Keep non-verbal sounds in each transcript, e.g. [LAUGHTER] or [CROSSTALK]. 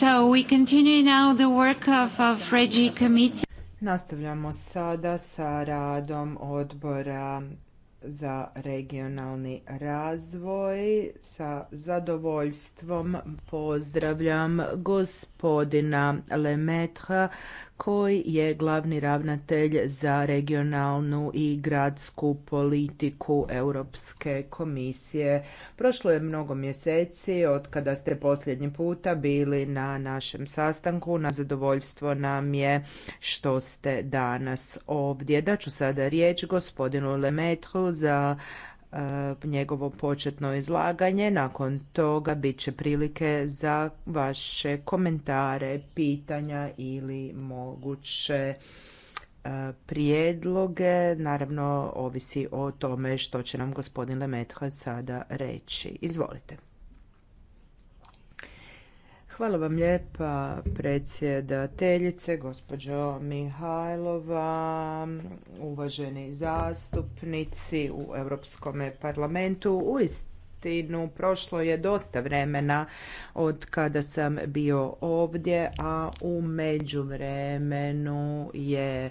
So Nastavljamo sada sa radom odbora za regionalni razvoj. Sa zadovoljstvom pozdravljam gospodina Lemetra koji je glavni ravnatelj za regionalnu i gradsku politiku Europske komisije. Prošlo je mnogo mjeseci od kada ste posljednji puta bili na našem sastanku. Na zadovoljstvo nam je što ste danas ovdje. Daću sada riječ gospodinu Lemetru za E, njegovo početno izlaganje. Nakon toga bit će prilike za vaše komentare, pitanja ili moguće e, prijedloge. Naravno, ovisi o tome što će nam gospodin Lemetha sada reći. Izvolite. Hvala vam lijepa predsjedateljice, gospođo Mihajlova, uvaženi zastupnici u Europskom parlamentu prošlo je dosta vremena od kada sam bio ovdje, a u međuvremenu je e,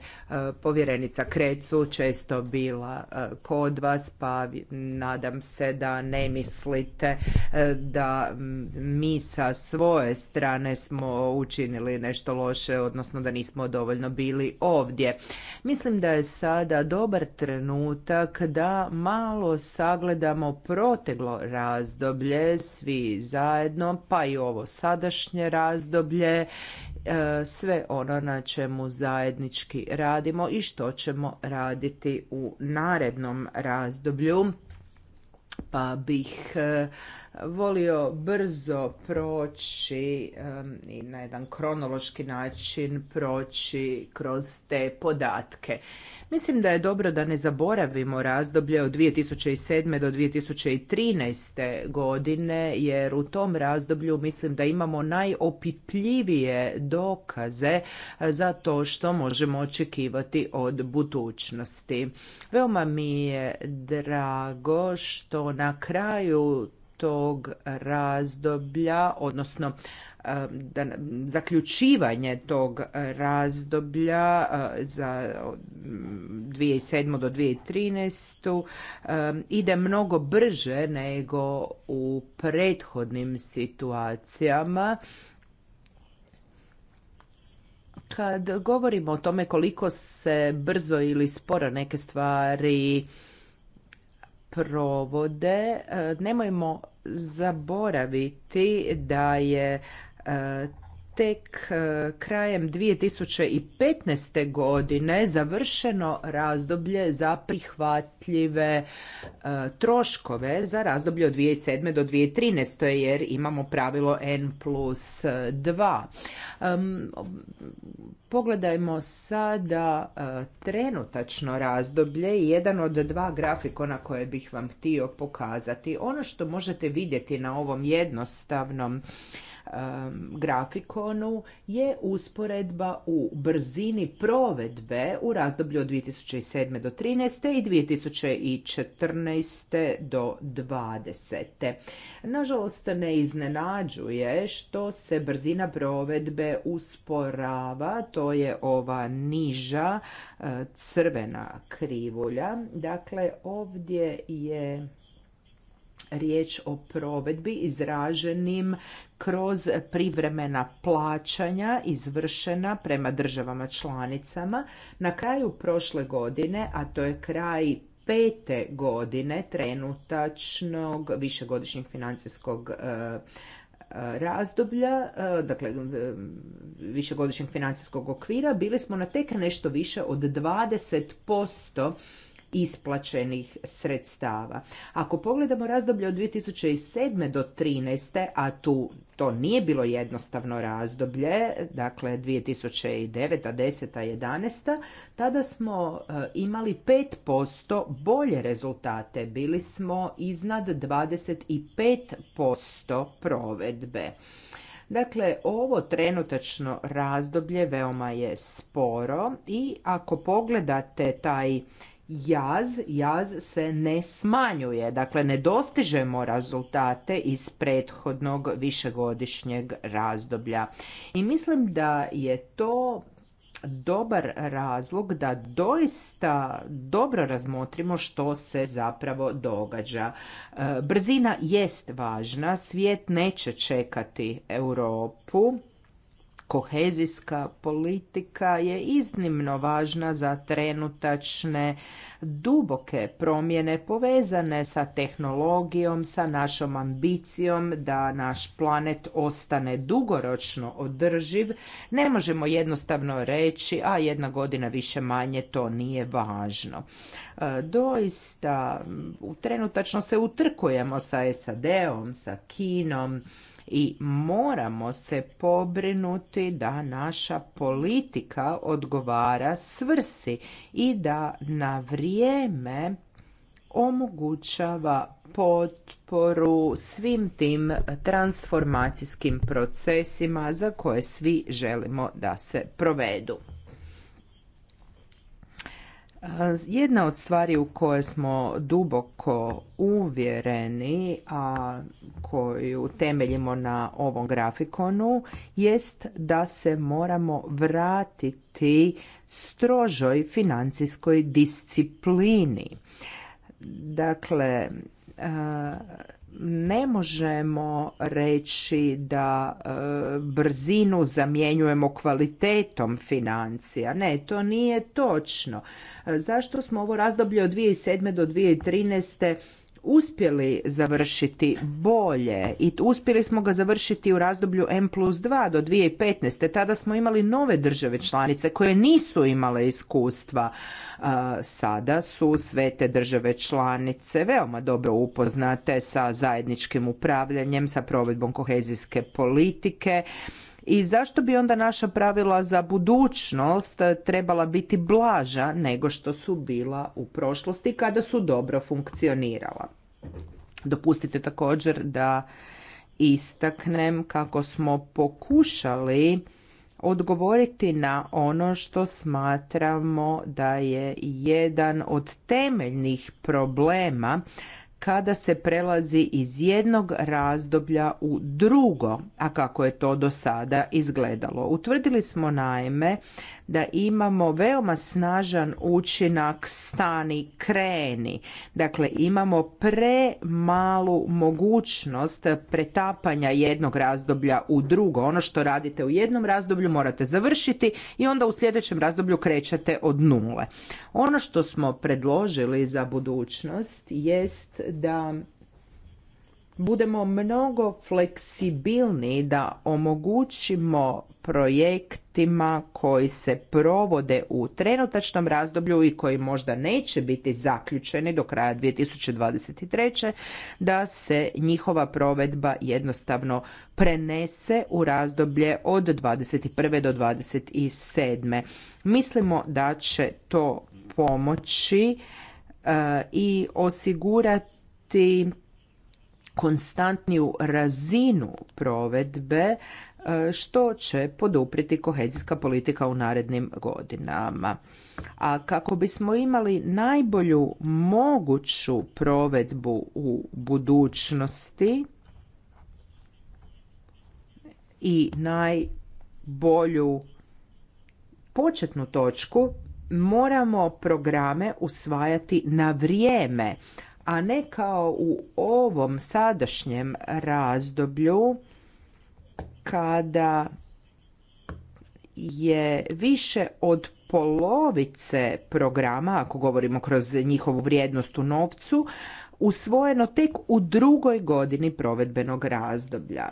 povjerenica Krecu često bila e, kod vas, pa nadam se da ne mislite e, da mi sa svoje strane smo učinili nešto loše, odnosno da nismo dovoljno bili ovdje. Mislim da je sada dobar trenutak da malo sagledamo proteglo razdoblje svi zajedno pa i ovo sadašnje razdoblje e, sve ono na čemu zajednički radimo i što ćemo raditi u narednom razdoblju pa bih e, volio brzo proći i na jedan kronološki način proći kroz te podatke. Mislim da je dobro da ne zaboravimo razdoblje od 2007. do 2013. godine, jer u tom razdoblju mislim da imamo najopipljivije dokaze eh, za to što možemo očekivati od budućnosti. Veoma mi je drago što na kraju tog razdoblja, odnosno da, zaključivanje tog razdoblja eh, za 2007. Mm, do 2013. ide mnogo brže nego u prethodnim situacijama. Kad govorimo o tome koliko se brzo ili sporo neke stvari provode e, nemojmo zaboraviti da je e, tek e, krajem 2015. godine završeno razdoblje za prihvatljive e, troškove za razdoblje od 2007. do 2013. jer imamo pravilo N plus 2. Pogledajmo sada e, trenutačno razdoblje jedan od dva grafikona koje bih vam htio pokazati. Ono što možete vidjeti na ovom jednostavnom grafikonu je usporedba u brzini provedbe u razdoblju od 2007. do 2013. i 2014. do 2020. Nažalost, ne iznenađuje što se brzina provedbe usporava, to je ova niža eh, crvena krivulja. Dakle, ovdje je riječ o provedbi izraženim kroz privremena plaćanja izvršena prema državama članicama. Na kraju prošle godine, a to je kraj pete godine trenutačnog višegodišnjeg financijskog e, e, razdoblja, e, dakle višegodišnjeg financijskog okvira, bili smo na tek nešto više od 20% isplaćenih sredstava. Ako pogledamo razdoblje od 2007. do 2013. a tu to nije bilo jednostavno razdoblje, dakle 2009. 10. 11. tada smo e, imali 5% bolje rezultate. Bili smo iznad 25% provedbe. Dakle, ovo trenutačno razdoblje veoma je sporo i ako pogledate taj jaz, jaz se ne smanjuje. Dakle, ne dostižemo rezultate iz prethodnog višegodišnjeg razdoblja. I mislim da je to dobar razlog da doista dobro razmotrimo što se zapravo događa. E, brzina jest važna, svijet neće čekati Europu kohezijska politika je iznimno važna za trenutačne duboke promjene povezane sa tehnologijom, sa našom ambicijom da naš planet ostane dugoročno održiv. Ne možemo jednostavno reći, a jedna godina više manje to nije važno. E, doista, trenutačno se utrkujemo sa SAD-om, sa Kinom, i moramo se pobrinuti da naša politika odgovara svrsi i da na vrijeme omogućava potporu svim tim transformacijskim procesima za koje svi želimo da se provedu. Jedna od stvari u koje smo duboko uvjereni, a koju temeljimo na ovom grafikonu, jest da se moramo vratiti strožoj financijskoj disciplini. Dakle, ne možemo reći da e, brzinu zamjenjujemo kvalitetom financija. Ne, to nije točno. E, zašto smo ovo razdoblje od 2007. do 2013 uspjeli završiti bolje i uspjeli smo ga završiti u razdoblju M plus 2 do 2015. Tada smo imali nove države članice koje nisu imale iskustva. Sada su sve te države članice veoma dobro upoznate sa zajedničkim upravljanjem, sa provedbom kohezijske politike i zašto bi onda naša pravila za budućnost eh, trebala biti blaža nego što su bila u prošlosti kada su dobro funkcionirala? Dopustite također da istaknem kako smo pokušali odgovoriti na ono što smatramo da je jedan od temeljnih problema kada se prelazi iz jednog razdoblja u drugo, a kako je to do sada izgledalo. Utvrdili smo naime da imamo veoma snažan učinak stani kreni. Dakle, imamo premalu mogućnost pretapanja jednog razdoblja u drugo. Ono što radite u jednom razdoblju morate završiti i onda u sljedećem razdoblju krećete od nule. Ono što smo predložili za budućnost jest da budemo mnogo fleksibilni da omogućimo projektima koji se provode u trenutačnom razdoblju i koji možda neće biti zaključeni do kraja 2023. da se njihova provedba jednostavno prenese u razdoblje od 21. do 27. Mislimo da će to pomoći e, i osigurati konstantniju razinu provedbe što će poduprijeti kohezijska politika u narednim godinama. A kako bismo imali najbolju moguću provedbu u budućnosti i najbolju početnu točku, moramo programe usvajati na vrijeme, a ne kao u ovom sadašnjem razdoblju kada je više od polovice programa, ako govorimo kroz njihovu vrijednost u novcu, usvojeno tek u drugoj godini provedbenog razdoblja.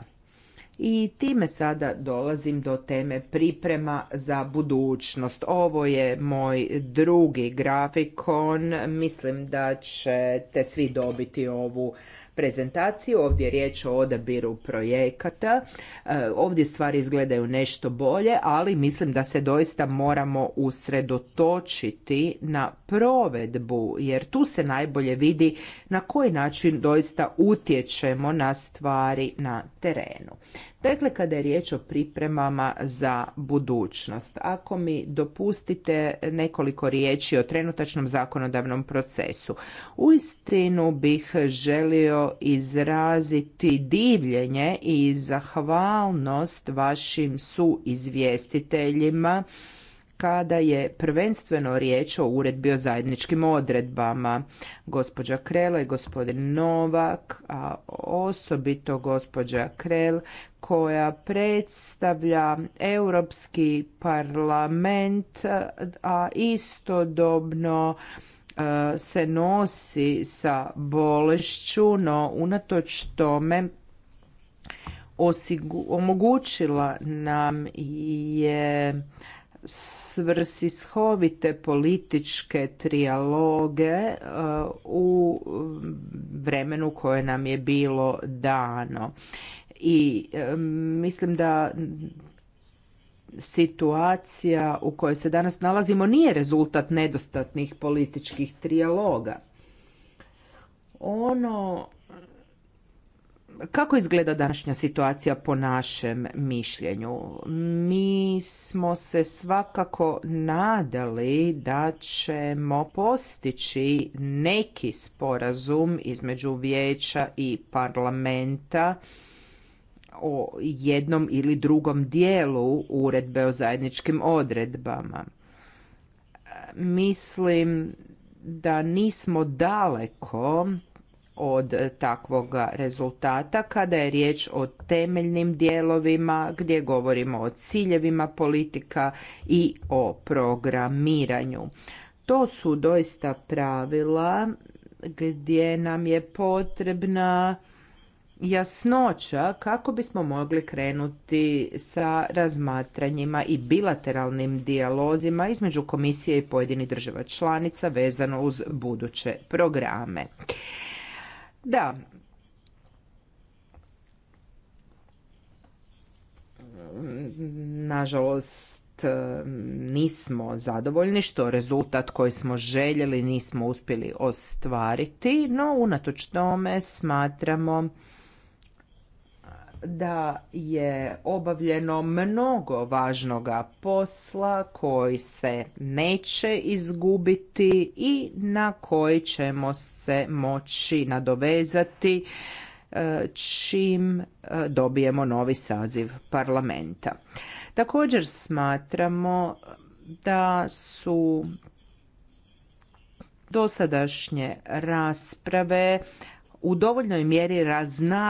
I time sada dolazim do teme priprema za budućnost. Ovo je moj drugi grafikon. Mislim da ćete svi dobiti ovu prezentaciju, ovdje je riječ o odabiru projekata, e, ovdje stvari izgledaju nešto bolje, ali mislim da se doista moramo usredotočiti na provedbu, jer tu se najbolje vidi na koji način doista utječemo na stvari na terenu. Dakle, kada je riječ o pripremama za budućnost, ako mi dopustite nekoliko riječi o trenutačnom zakonodavnom procesu. istinu bih želio izraziti divljenje i zahvalnost vašim suizvjestiteljima kada je prvenstveno riječ o uredbi o zajedničkim odredbama. Gospođa Krela i gospodin Novak, a osobito gospođa Krel koja predstavlja Europski parlament, a istodobno e, se nosi sa bolešću, no unatoč tome omogućila nam je svrsishovite političke trijaloge e, u vremenu koje nam je bilo dano i e, mislim da situacija u kojoj se danas nalazimo nije rezultat nedostatnih političkih trijaloga. Ono kako izgleda današnja situacija po našem mišljenju? Mi smo se svakako nadali da ćemo postići neki sporazum između vijeća i parlamenta o jednom ili drugom dijelu uredbe o zajedničkim odredbama. Mislim da nismo daleko od takvog rezultata kada je riječ o temeljnim dijelovima gdje govorimo o ciljevima politika i o programiranju. To su doista pravila gdje nam je potrebna jasnoća kako bismo mogli krenuti sa razmatranjima i bilateralnim dijalozima između komisije i pojedinih država članica vezano uz buduće programe. Da, nažalost nismo zadovoljni što rezultat koji smo željeli nismo uspjeli ostvariti, no unatoč tome smatramo da je obavljeno mnogo važnoga posla koji se neće izgubiti i na koji ćemo se moći nadovezati e, čim e, dobijemo novi saziv parlamenta. Također smatramo da su dosadašnje rasprave u dovoljnoj mjeri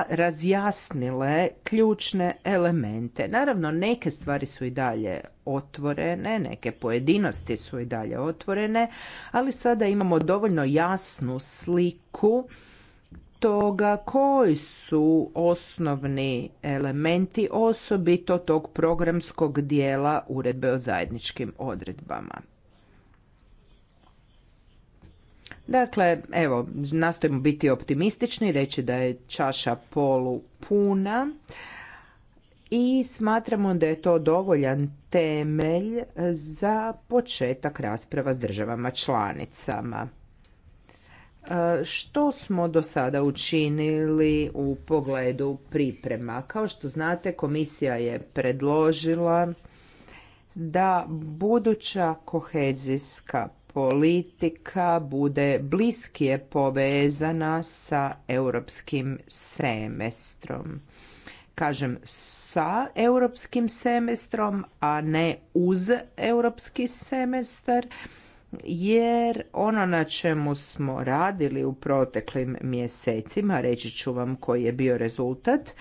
razjasnile ključne elemente. Naravno, neke stvari su i dalje otvorene, neke pojedinosti su i dalje otvorene, ali sada imamo dovoljno jasnu sliku toga koji su osnovni elementi osobito tog programskog dijela uredbe o zajedničkim odredbama. Dakle, evo, nastojimo biti optimistični, reći da je čaša polu puna i smatramo da je to dovoljan temelj za početak rasprava s državama članicama. E, što smo do sada učinili u pogledu priprema? Kao što znate, komisija je predložila da buduća kohezijska politika bude bliskije povezana sa europskim semestrom. Kažem sa europskim semestrom, a ne uz europski semestar jer ono na čemu smo radili u proteklim mjesecima, reći ću vam koji je bio rezultat,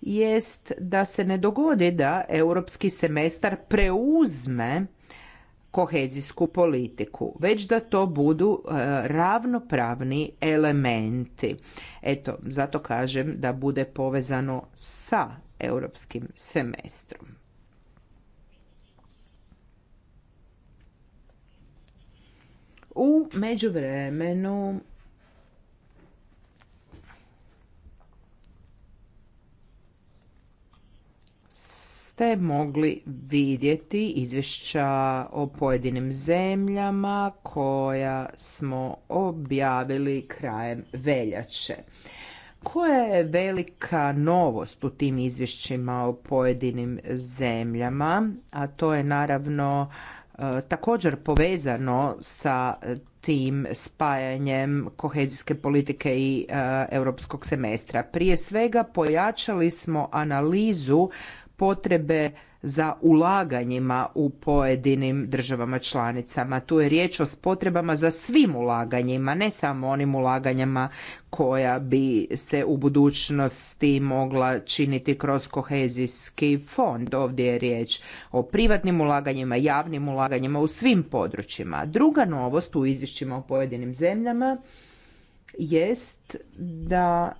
jest da se ne dogodi da europski semestar preuzme kohezijsku politiku, već da to budu e, ravnopravni elementi. Eto, zato kažem da bude povezano sa europskim semestrom. U međuvremenu ste mogli vidjeti izvješća o pojedinim zemljama koja smo objavili krajem veljače. Koja je velika novost u tim izvješćima o pojedinim zemljama, a to je naravno e, također povezano sa tim spajanjem kohezijske politike i e, europskog semestra. Prije svega pojačali smo analizu potrebe za ulaganjima u pojedinim državama članicama. Tu je riječ o potrebama za svim ulaganjima, ne samo onim ulaganjima koja bi se u budućnosti mogla činiti kroz kohezijski fond. Ovdje je riječ o privatnim ulaganjima, javnim ulaganjima u svim područjima. Druga novost u izvješćima o pojedinim zemljama jest da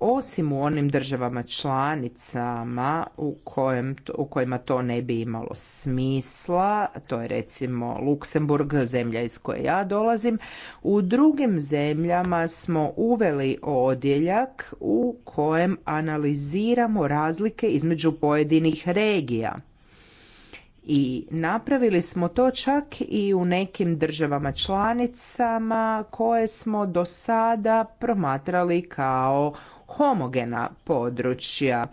osim u onim državama članicama u, kojem, u kojima to ne bi imalo smisla, to je recimo Luksemburg, zemlja iz koje ja dolazim, u drugim zemljama smo uveli odjeljak u kojem analiziramo razlike između pojedinih regija. I napravili smo to čak i u nekim državama članicama koje smo do sada promatrali kao homogena područja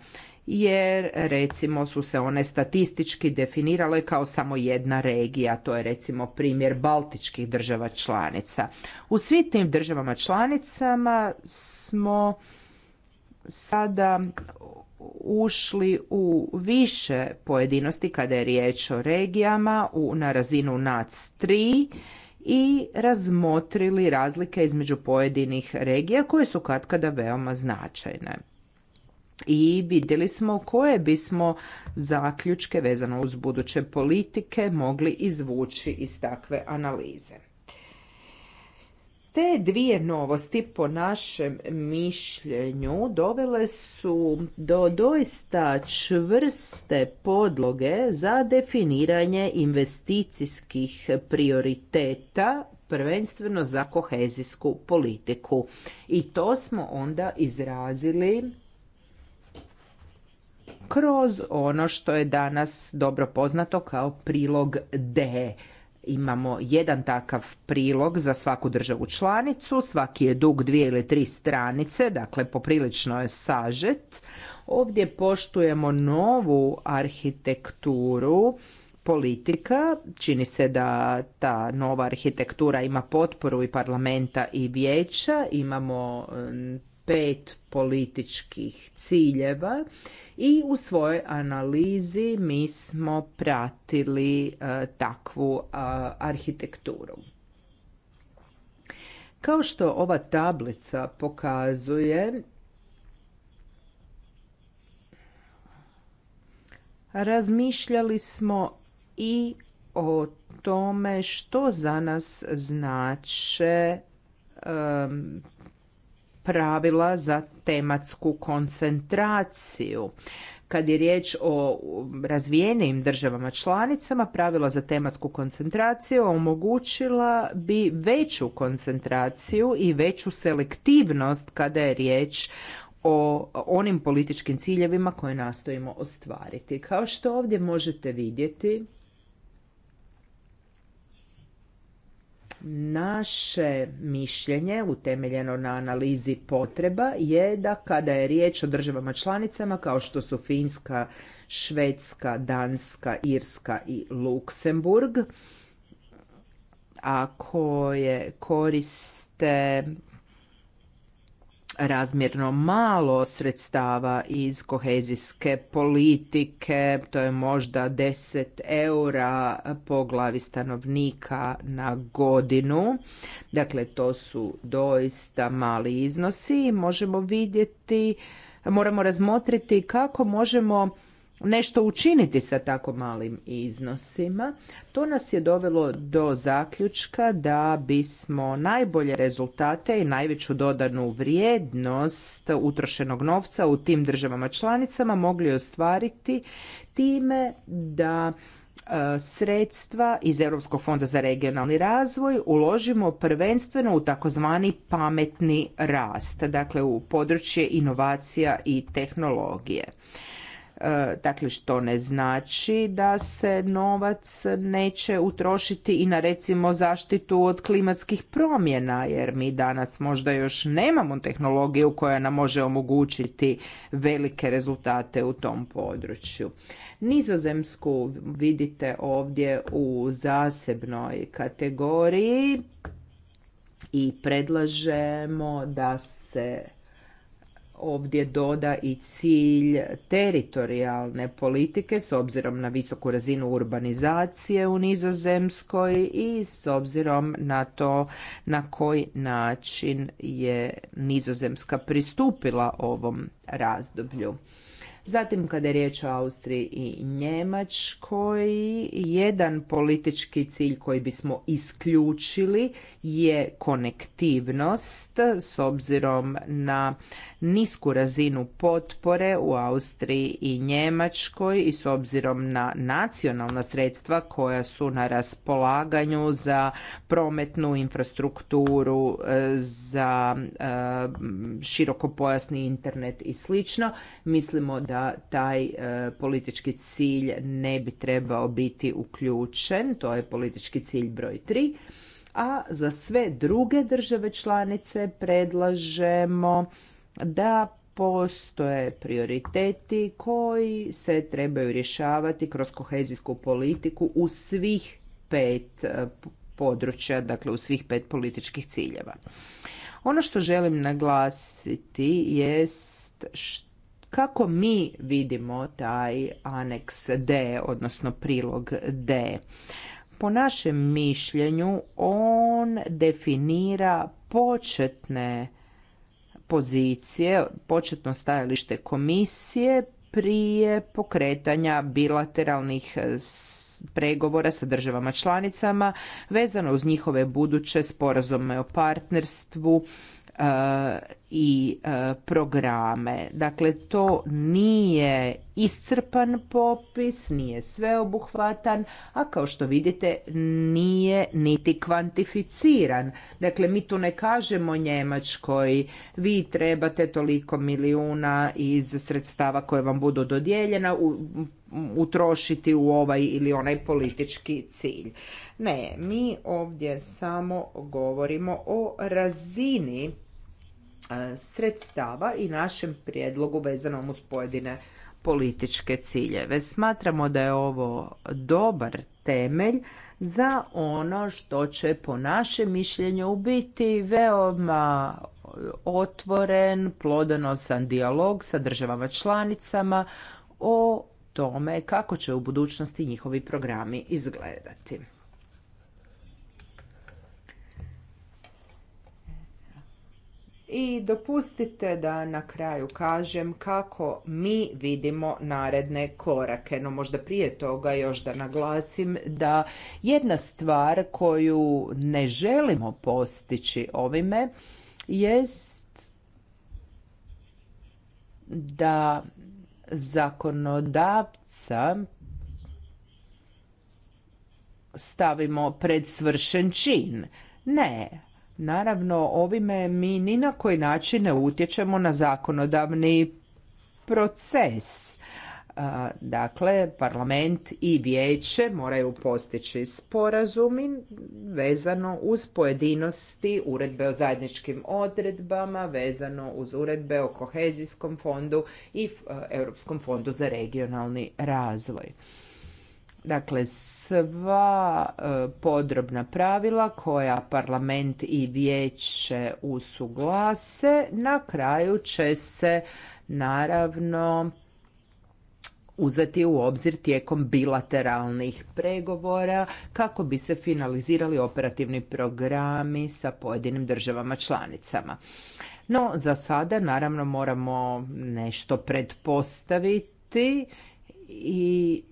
jer recimo su se one statistički definirale kao samo jedna regija, to je recimo primjer baltičkih država članica. U svim tim državama članicama smo sada ušli u više pojedinosti kada je riječ o regijama u, na razinu NAC 3 i razmotrili razlike između pojedinih regija koje su katkada veoma značajne i vidjeli smo koje bismo zaključke vezano uz buduće politike mogli izvući iz takve analize. Te dvije novosti po našem mišljenju dovele su do doista čvrste podloge za definiranje investicijskih prioriteta prvenstveno za kohezijsku politiku. I to smo onda izrazili kroz ono što je danas dobro poznato kao prilog D Imamo jedan takav prilog za svaku državu članicu, svaki je dug dvije ili tri stranice, dakle poprilično je sažet. Ovdje poštujemo novu arhitekturu politika. Čini se da ta nova arhitektura ima potporu i parlamenta i vijeća. Imamo pet političkih ciljeva i u svojoj analizi mi smo pratili e, takvu e, arhitekturu. Kao što ova tablica pokazuje, razmišljali smo i o tome što za nas znače e, pravila za tematsku koncentraciju. Kad je riječ o razvijenim državama članicama, pravila za tematsku koncentraciju omogućila bi veću koncentraciju i veću selektivnost kada je riječ o onim političkim ciljevima koje nastojimo ostvariti. Kao što ovdje možete vidjeti, Naše mišljenje, utemeljeno na analizi potreba, je da kada je riječ o državama članicama kao što su Finska, Švedska, Danska, Irska i Luksemburg, a koje koriste razmjerno malo sredstava iz kohezijske politike, to je možda 10 eura po glavi stanovnika na godinu. Dakle, to su doista mali iznosi i možemo vidjeti, moramo razmotriti kako možemo nešto učiniti sa tako malim iznosima. To nas je dovelo do zaključka da bismo najbolje rezultate i najveću dodanu vrijednost utrošenog novca u tim državama članicama mogli ostvariti time da e, sredstva iz Europskog fonda za regionalni razvoj uložimo prvenstveno u takozvani pametni rast, dakle u područje inovacija i tehnologije. E, dakle, što ne znači da se novac neće utrošiti i na recimo zaštitu od klimatskih promjena, jer mi danas možda još nemamo tehnologiju koja nam može omogućiti velike rezultate u tom području. Nizozemsku vidite ovdje u zasebnoj kategoriji i predlažemo da se ovdje doda i cilj teritorijalne politike s obzirom na visoku razinu urbanizacije u Nizozemskoj i s obzirom na to na koji način je Nizozemska pristupila ovom razdoblju. Zatim kada je riječ o Austriji i Njemačkoj, jedan politički cilj koji bismo isključili je konektivnost s obzirom na nisku razinu potpore u Austriji i Njemačkoj i s obzirom na nacionalna sredstva koja su na raspolaganju za prometnu infrastrukturu, za e, širokopojasni internet i slično, mislimo da da taj e, politički cilj ne bi trebao biti uključen, to je politički cilj broj 3, a za sve druge države članice predlažemo da postoje prioriteti koji se trebaju rješavati kroz kohezijsku politiku u svih pet e, područja, dakle u svih pet političkih ciljeva. Ono što želim naglasiti jest što kako mi vidimo taj aneks D, odnosno prilog D? Po našem mišljenju on definira početne pozicije, početno stajalište komisije prije pokretanja bilateralnih pregovora sa državama članicama vezano uz njihove buduće sporazume o partnerstvu e, i e, programe. Dakle, to nije iscrpan popis, nije sveobuhvatan, a kao što vidite nije niti kvantificiran. Dakle, mi tu ne kažemo Njemačkoj vi trebate toliko milijuna iz sredstava koje vam budu dodijeljena utrošiti u ovaj ili onaj politički cilj. Ne, mi ovdje samo govorimo o razini E, sredstava i našem prijedlogu vezanom uz pojedine političke ciljeve. Smatramo da je ovo dobar temelj za ono što će po našem mišljenju biti veoma otvoren, plodonosan dijalog sa državama članicama o tome kako će u budućnosti njihovi programi izgledati. i dopustite da na kraju kažem kako mi vidimo naredne korake. No možda prije toga još da naglasim da jedna stvar koju ne želimo postići ovime jest da zakonodavca stavimo pred svršen čin. Ne, Naravno, ovime mi ni na koji način ne utječemo na zakonodavni proces. Dakle, parlament i vijeće moraju postići sporazumi vezano uz pojedinosti uredbe o zajedničkim odredbama, vezano uz uredbe o kohezijskom fondu i e, Europskom fondu za regionalni razvoj. Dakle, sva e, podrobna pravila koja parlament i vijeće usuglase, na kraju će se naravno uzeti u obzir tijekom bilateralnih pregovora kako bi se finalizirali operativni programi sa pojedinim državama članicama. No, za sada naravno moramo nešto pretpostaviti i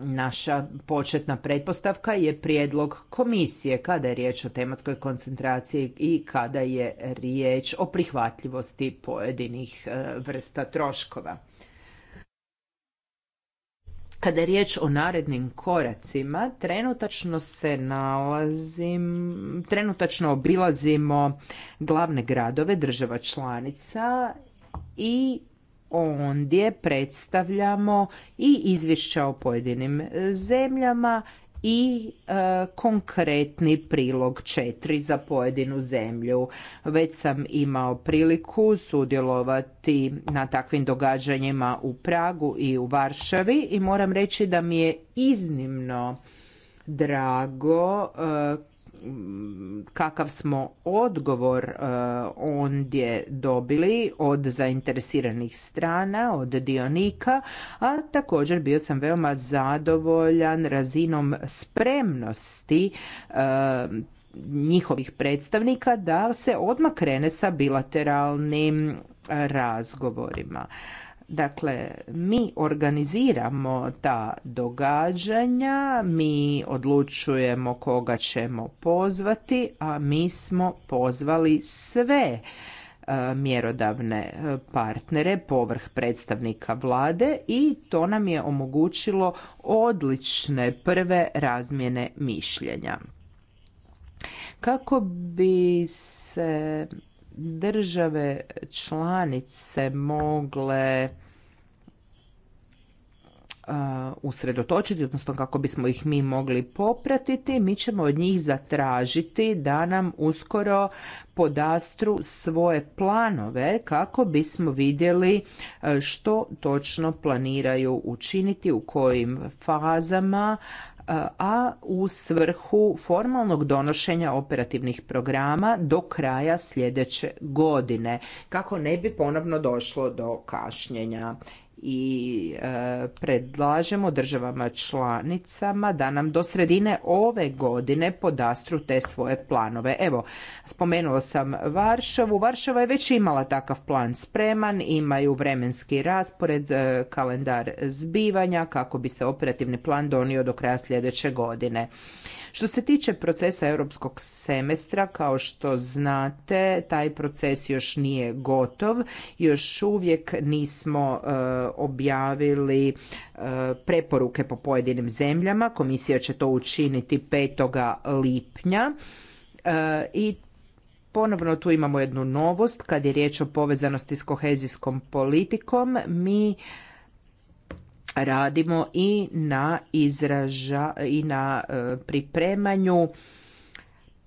Naša početna pretpostavka je prijedlog komisije kada je riječ o tematskoj koncentraciji i kada je riječ o prihvatljivosti pojedinih e, vrsta troškova. Kada je riječ o narednim koracima, trenutačno se nalazim, trenutačno obilazimo glavne gradove država članica i ondje predstavljamo i izvješća o pojedinim e, zemljama i e, konkretni prilog četiri za pojedinu zemlju. Već sam imao priliku sudjelovati na takvim događanjima u Pragu i u Varšavi i moram reći da mi je iznimno drago e, kakav smo odgovor e, ondje dobili od zainteresiranih strana, od dionika, a također bio sam veoma zadovoljan razinom spremnosti e, njihovih predstavnika da se odmah krene sa bilateralnim razgovorima. Dakle, mi organiziramo ta događanja, mi odlučujemo koga ćemo pozvati, a mi smo pozvali sve e, mjerodavne e, partnere povrh predstavnika vlade i to nam je omogućilo odlične prve razmjene mišljenja. Kako bi se države članice mogle usredotočiti, odnosno kako bismo ih mi mogli popratiti, mi ćemo od njih zatražiti da nam uskoro podastru svoje planove kako bismo vidjeli što točno planiraju učiniti, u kojim fazama, a u svrhu formalnog donošenja operativnih programa do kraja sljedeće godine kako ne bi ponovno došlo do kašnjenja i e, predlažemo državama članicama da nam do sredine ove godine podastru te svoje planove. Evo, spomenula sam Varšavu. Varšava je već imala takav plan spreman, imaju vremenski raspored, e, kalendar zbivanja kako bi se operativni plan donio do kraja sljedeće godine. Što se tiče procesa europskog semestra, kao što znate, taj proces još nije gotov, još uvijek nismo e, objavili e, preporuke po pojedinim zemljama, komisija će to učiniti 5. lipnja e, i Ponovno tu imamo jednu novost kad je riječ o povezanosti s kohezijskom politikom. Mi radimo i na izraža i na e, pripremanju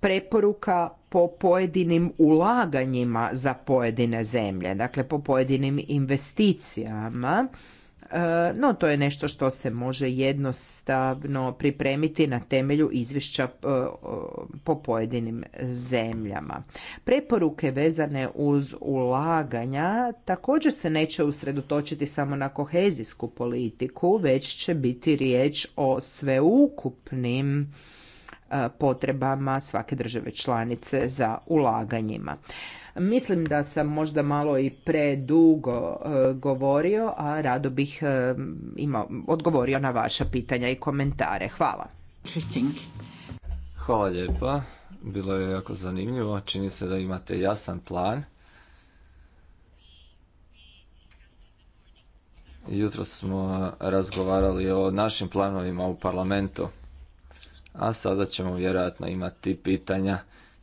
preporuka po pojedinim ulaganjima za pojedine zemlje, dakle po pojedinim investicijama E, no, to je nešto što se može jednostavno pripremiti na temelju izvješća e, po pojedinim zemljama. Preporuke vezane uz ulaganja također se neće usredotočiti samo na kohezijsku politiku, već će biti riječ o sveukupnim e, potrebama svake države članice za ulaganjima. Mislim da sam možda malo i predugo e, govorio, a rado bih e, imao, odgovorio na vaša pitanja i komentare. Hvala. Hvala lijepa. Bilo je jako zanimljivo. Čini se da imate jasan plan. Jutro smo razgovarali o našim planovima u parlamentu. A sada ćemo vjerojatno imati pitanja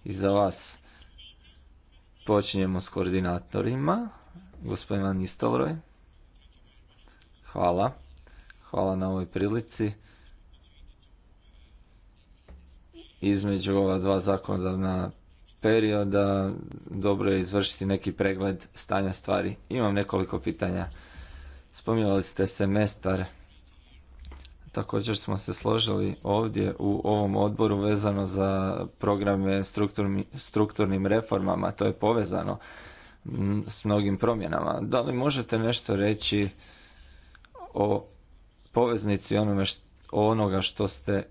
i za vas. Počinjemo s koordinatorima. Gospodin Van Istovroj. Hvala. Hvala na ovoj prilici. Između ova dva zakonodavna perioda dobro je izvršiti neki pregled stanja stvari. Imam nekoliko pitanja. Spominjali ste semestar Također smo se složili ovdje u ovom odboru vezano za programe strukturnim reformama, to je povezano s mnogim promjenama. Da li možete nešto reći o poveznici onome onoga što ste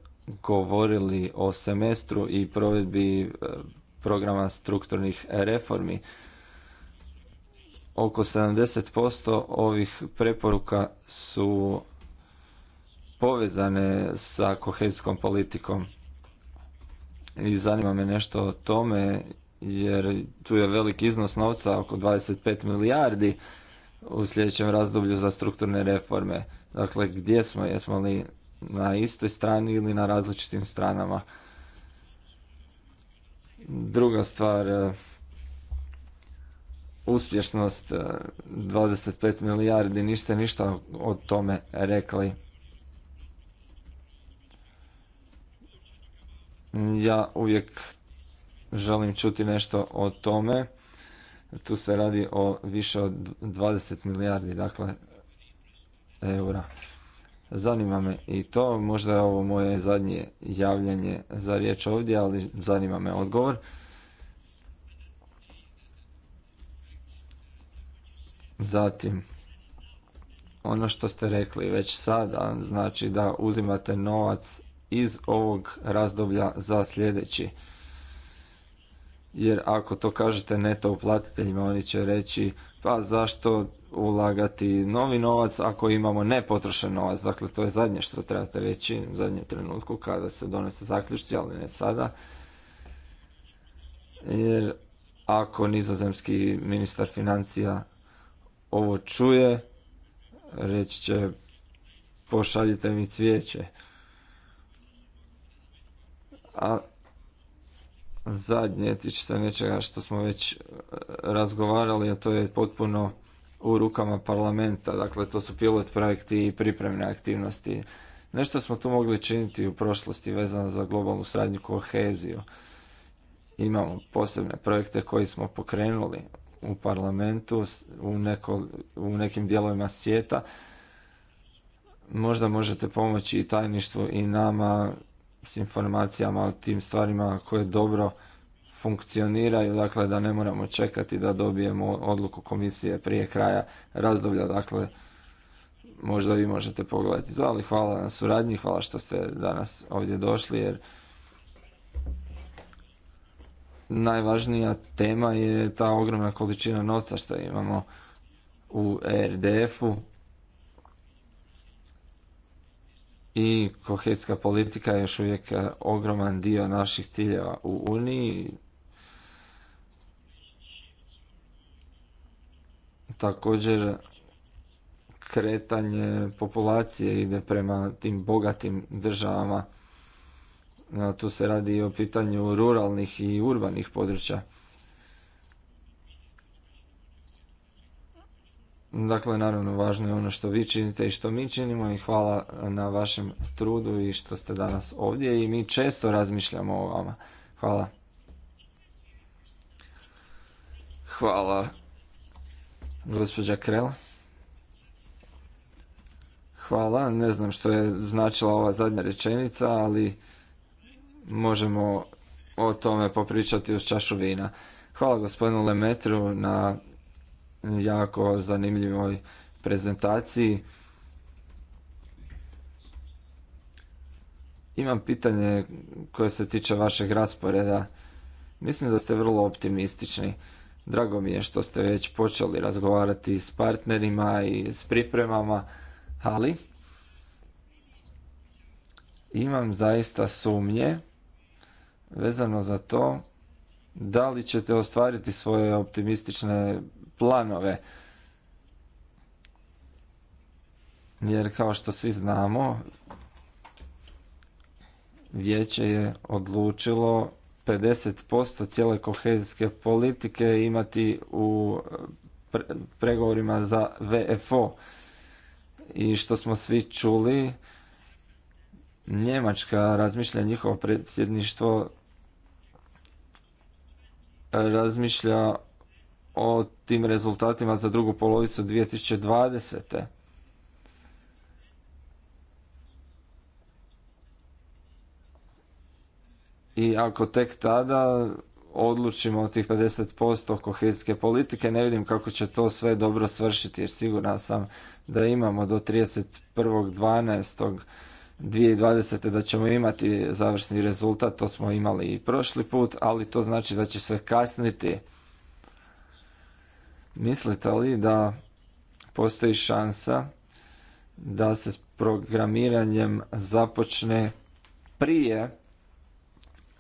govorili o semestru i provedbi e, programa strukturnih reformi? Oko 70% ovih preporuka su povezane sa kohezijskom politikom. I zanima me nešto o tome jer tu je velik iznos novca, oko 25 milijardi u sljedećem razdoblju za strukturne reforme. Dakle, gdje smo? Jesmo li na istoj strani ili na različitim stranama? Druga stvar, e, uspješnost 25 e, milijardi, niste ništa o tome rekli. Ja uvijek želim čuti nešto o tome. Tu se radi o više od 20 milijardi dakle, eura. Zanima me i to, možda je ovo moje zadnje javljanje za riječ ovdje, ali zanima me odgovor. Zatim, ono što ste rekli već sada, znači da uzimate novac iz ovog razdoblja za sljedeći. Jer ako to kažete neto uplatiteljima, oni će reći pa zašto ulagati novi novac ako imamo nepotrošen novac. Dakle, to je zadnje što trebate reći u zadnjem trenutku kada se donese zaključci, ali ne sada. Jer ako nizozemski ministar financija ovo čuje, reći će pošaljite mi cvijeće. A zadnje tiče se nečega što smo već e, razgovarali, a to je potpuno u rukama parlamenta. Dakle, to su pilot projekti i pripremne aktivnosti. Nešto smo tu mogli činiti u prošlosti vezano za globalnu sradnju koheziju. Imamo posebne projekte koji smo pokrenuli u parlamentu, u, u nekim dijelovima svijeta. Možda možete pomoći i tajništvu i nama s informacijama o tim stvarima koje dobro funkcioniraju, dakle da ne moramo čekati da dobijemo odluku komisije prije kraja razdoblja, dakle možda vi možete pogledati to, ali hvala na suradnji, hvala što ste danas ovdje došli jer najvažnija tema je ta ogromna količina novca što imamo u ERDF-u, i kohetska politika je još uvijek e, ogroman dio naših ciljeva u Uniji. Također kretanje populacije ide prema tim bogatim državama. Tu se radi i o pitanju ruralnih i urbanih područja. Dakle, naravno, važno je ono što vi činite i što mi činimo i hvala na vašem trudu i što ste danas ovdje i mi često razmišljamo o vama. Hvala. Hvala, gospođa Krel. Hvala, ne znam što je značila ova zadnja rečenica, ali možemo o tome popričati uz čašu vina. Hvala gospodinu Lemetru na jako zanimljivoj prezentaciji. Imam pitanje koje se tiče vašeg rasporeda. Mislim da ste vrlo optimistični. Drago mi je što ste već počeli razgovarati s partnerima i s pripremama, ali imam zaista sumnje vezano za to da li ćete ostvariti svoje optimistične planove. Jer kao što svi znamo, vijeće je odlučilo 50% cijele kohezijske politike imati u pregovorima za VFO. I što smo svi čuli, Njemačka razmišlja njihovo predsjedništvo razmišlja o tim rezultatima za drugu polovicu 2020. I ako tek tada odlučimo o tih 50% kohezijske politike, ne vidim kako će to sve dobro svršiti, jer siguran sam da imamo do 31.12.2020. da ćemo imati završni rezultat, to smo imali i prošli put, ali to znači da će sve kasniti Mislite li da postoji šansa da se s programiranjem započne prije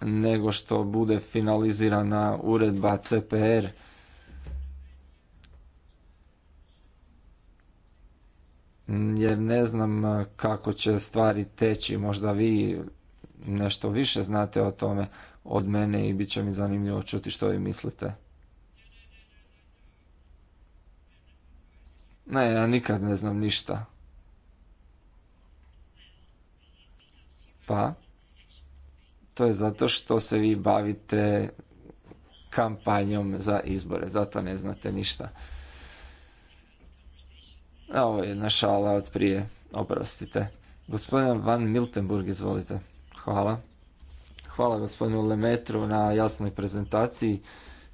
nego što bude finalizirana uredba CPR? Jer ne znam kako će stvari teći, možda vi nešto više znate o tome od mene i bit će mi zanimljivo čuti što vi mislite. Ne, ja nikad ne znam ništa. Pa, to je zato što se vi bavite kampanjom za izbore, zato ne znate ništa. Ovo je jedna šala od prije, oprostite. Gospodin Van Miltenburg, izvolite. Hvala. Hvala gospodinu Lemetru na jasnoj prezentaciji.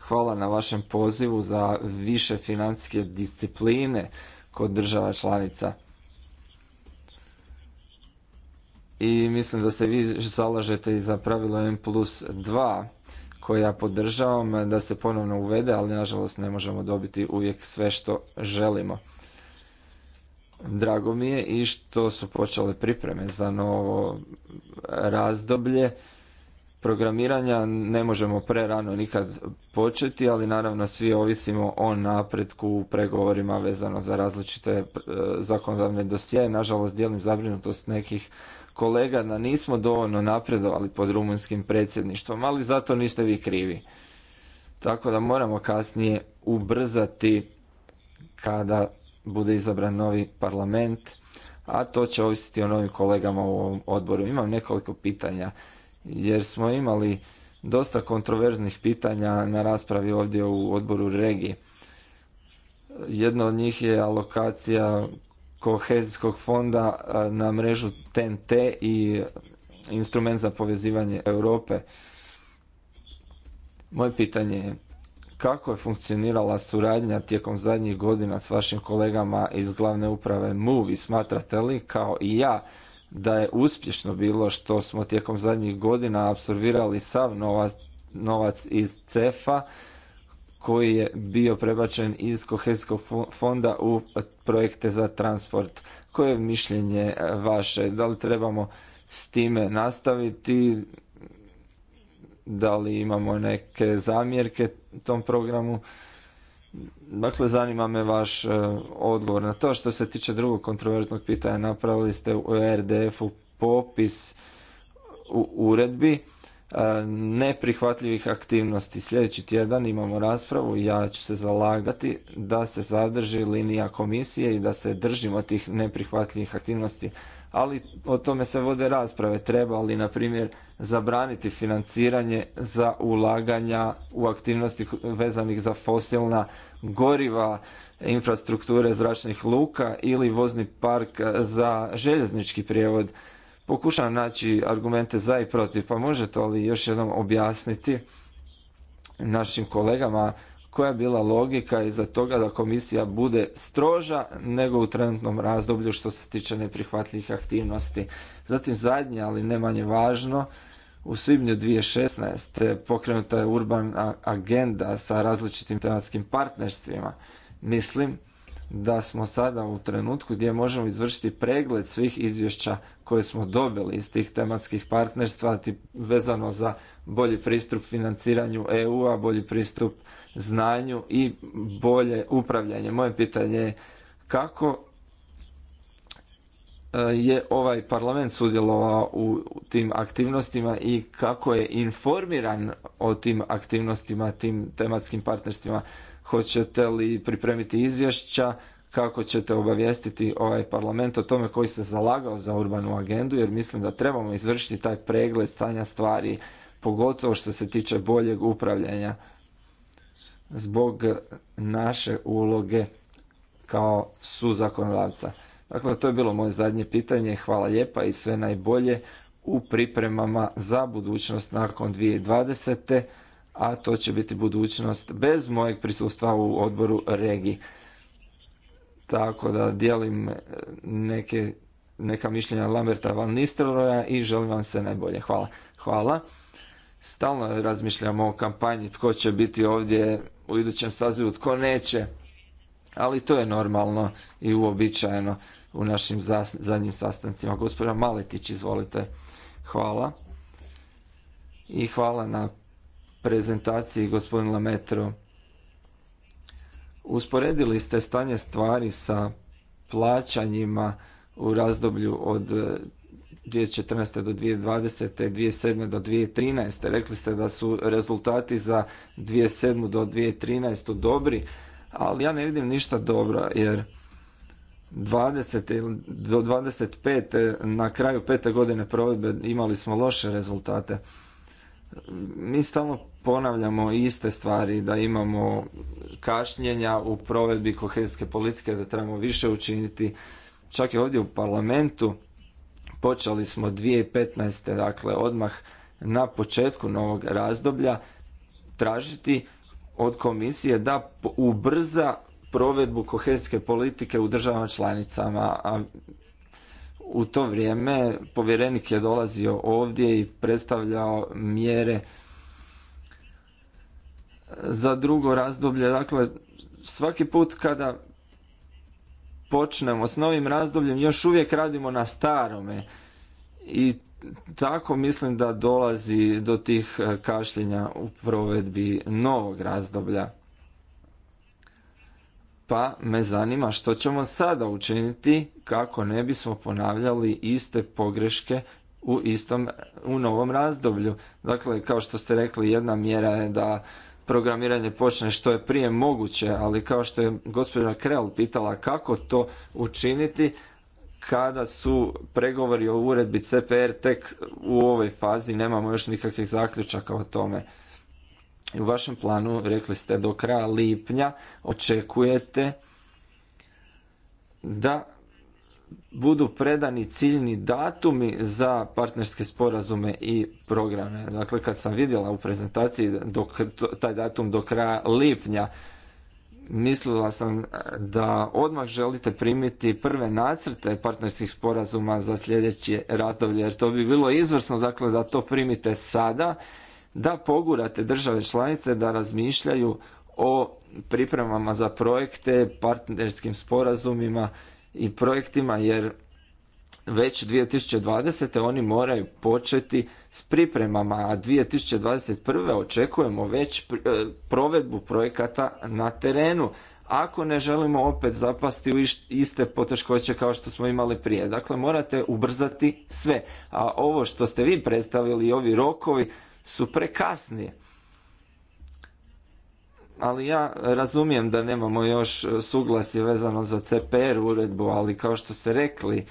Hvala na vašem pozivu za više financijske discipline kod država članica. I mislim da se vi zalažete i za pravilo M plus 2 koje ja podržavam da se ponovno uvede, ali nažalost ne možemo dobiti uvijek sve što želimo. Drago mi je i što su počele pripreme za novo razdoblje programiranja ne možemo prerano nikad početi, ali naravno svi ovisimo o napretku u pregovorima vezano za različite e, zakonodavne dosije. Nažalost, dijelim zabrinutost nekih kolega da nismo dovoljno napredovali pod rumunskim predsjedništvom, ali zato niste vi krivi. Tako da moramo kasnije ubrzati kada bude izabran novi parlament, a to će ovisiti o novim kolegama u ovom odboru. Imam nekoliko pitanja jer smo imali dosta kontroverznih pitanja na raspravi ovdje u odboru regije. Jedno od njih je alokacija kohezijskog fonda na mrežu TNT i instrument za povezivanje Europe. Moje pitanje je kako je funkcionirala suradnja tijekom zadnjih godina s vašim kolegama iz glavne uprave MUVI? Smatrate li kao i ja da je uspješno bilo što smo tijekom zadnjih godina apsorbirali sav novac, novac iz CEFA koji je bio prebačen iz kohezijskog fonda u projekte za transport. Koje je mišljenje e, vaše? Da li trebamo s time nastaviti? Da li imamo neke zamjerke tom programu? Dakle, zanima me vaš e, odgovor na to. Što se tiče drugog kontroverznog pitanja, napravili ste u RDF-u popis u uredbi e, neprihvatljivih aktivnosti. Sljedeći tjedan imamo raspravu i ja ću se zalagati da se zadrži linija komisije i da se držimo tih neprihvatljivih aktivnosti. Ali o tome se vode rasprave. Treba li, na primjer, zabraniti financiranje za ulaganja u aktivnosti vezanih za fosilna goriva, infrastrukture zračnih luka ili vozni park za željeznički prijevod. Pokušam naći argumente za i protiv, pa možete li još jednom objasniti našim kolegama koja je bila logika iza toga da komisija bude stroža nego u trenutnom razdoblju što se tiče neprihvatljivih aktivnosti. Zatim zadnje, ali ne manje važno, u svibnju 2016. pokrenuta je urban agenda sa različitim tematskim partnerstvima. Mislim da smo sada u trenutku gdje možemo izvršiti pregled svih izvješća koje smo dobili iz tih tematskih partnerstva vezano za bolji pristup financiranju EU-a, bolji pristup znanju i bolje upravljanje. Moje pitanje je kako E, je ovaj parlament sudjelovao u tim aktivnostima i kako je informiran o tim aktivnostima, tim tematskim partnerstvima. Hoćete li pripremiti izvješća, kako ćete obavijestiti ovaj parlament o tome koji se zalagao za urbanu agendu, jer mislim da trebamo izvršiti taj pregled stanja stvari, pogotovo što se tiče boljeg upravljanja zbog naše uloge kao suzakonodavca. Dakle, to je bilo moje zadnje pitanje. Hvala lijepa i sve najbolje u pripremama za budućnost nakon 2020. A to će biti budućnost bez mojeg prisustva u odboru regiji. Tako da dijelim e, neke, neka mišljenja Lamberta van Nistelroja i želim vam sve najbolje. Hvala. Hvala. Stalno razmišljamo o kampanji tko će biti ovdje u idućem sazivu, tko neće ali to je normalno i uobičajeno u našim zadnjim sastancima. Gospodina Maletić, izvolite. Hvala. I hvala na prezentaciji gospodine Lametro. Usporedili ste stanje stvari sa plaćanjima u razdoblju od 2014. E, do 2020. 2007. do 2013. Rekli ste da su rezultati za 2007. do 2013. dobri, ali ja ne vidim ništa dobro jer 20 ili do 25 e, na kraju pete godine provedbe imali smo loše rezultate. Mi stalno ponavljamo iste stvari, da imamo kašnjenja u provedbi kohezijske politike, da trebamo više učiniti. Čak i ovdje u parlamentu počeli smo 2015. dakle odmah na početku novog razdoblja tražiti od komisije da ubrza provedbu kohezijske politike u državama članicama. A u to vrijeme povjerenik je dolazio ovdje i predstavljao mjere za drugo razdoblje. Dakle, svaki put kada počnemo s novim razdobljem, još uvijek radimo na starome. I tako mislim da dolazi do tih e, kašljenja u provedbi novog razdoblja pa me zanima što ćemo sada učiniti kako ne bismo ponavljali iste pogreške u istom u novom razdoblju. Dakle, kao što ste rekli, jedna mjera je da programiranje počne što je prije moguće, ali kao što je gospođa Krell pitala kako to učiniti kada su pregovori o uredbi CPR tek u ovoj fazi, nemamo još nikakvih zaključaka o tome. U vašem planu rekli ste do kraja lipnja očekujete da budu predani ciljni datumi za partnerske sporazume i programe. Dakle, kad sam vidjela u prezentaciji dok, taj datum do kraja lipnja, mislila sam eh, da odmah želite primiti prve nacrte partnerskih sporazuma za sljedeće razdoblje, jer to bi bilo izvrsno dakle, da to primite sada da pogurate države članice da razmišljaju o pripremama za projekte, partnerskim sporazumima i projektima jer već 2020. oni moraju početi s pripremama, a 2021. očekujemo već e, provedbu projekata na terenu. Ako ne želimo opet zapasti u iste poteškoće kao što smo imali prije. Dakle, morate ubrzati sve. A ovo što ste vi predstavili i ovi rokovi, su prekasni. Ali ja razumijem da nemamo još e, suglasje vezano za CPR uredbu, ali kao što ste rekli,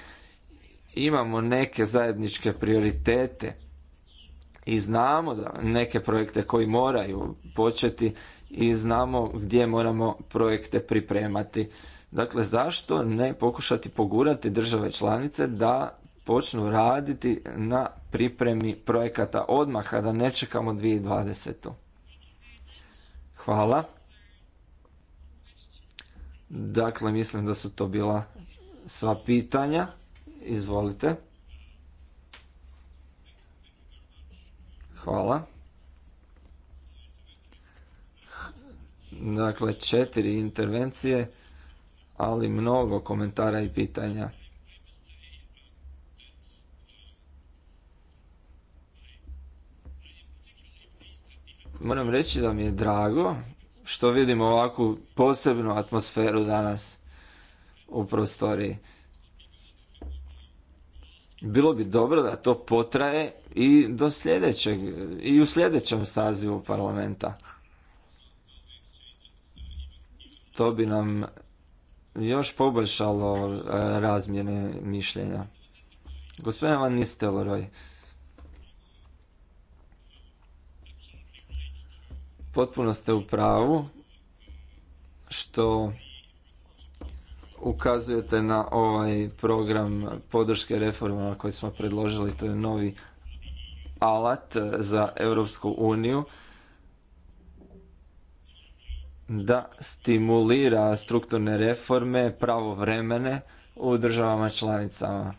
imamo neke zajedničke prioritete i znamo da neke projekte koji moraju početi i znamo gdje moramo projekte pripremati. Dakle, zašto ne pokušati pogurati države članice da počnu raditi na pripremi projekata odmah, a da ne čekamo 2020. Hvala. Dakle, mislim da su to bila sva pitanja. Izvolite. Hvala. Dakle, četiri intervencije, ali mnogo komentara i pitanja. Moram reći da mi je drago što vidim ovakvu posebnu atmosferu danas u prostoriji. Bilo bi dobro da to potraje i do sljedećeg, i u sljedećem sazivu parlamenta. To bi nam još poboljšalo e, razmjene mišljenja. Gospodin Van Nistelroj, potpuno ste u pravu što ukazujete na ovaj program podrške reformama koji smo predložili, to je novi alat za Europsku uniju da stimulira strukturne reforme pravovremene u državama članicama.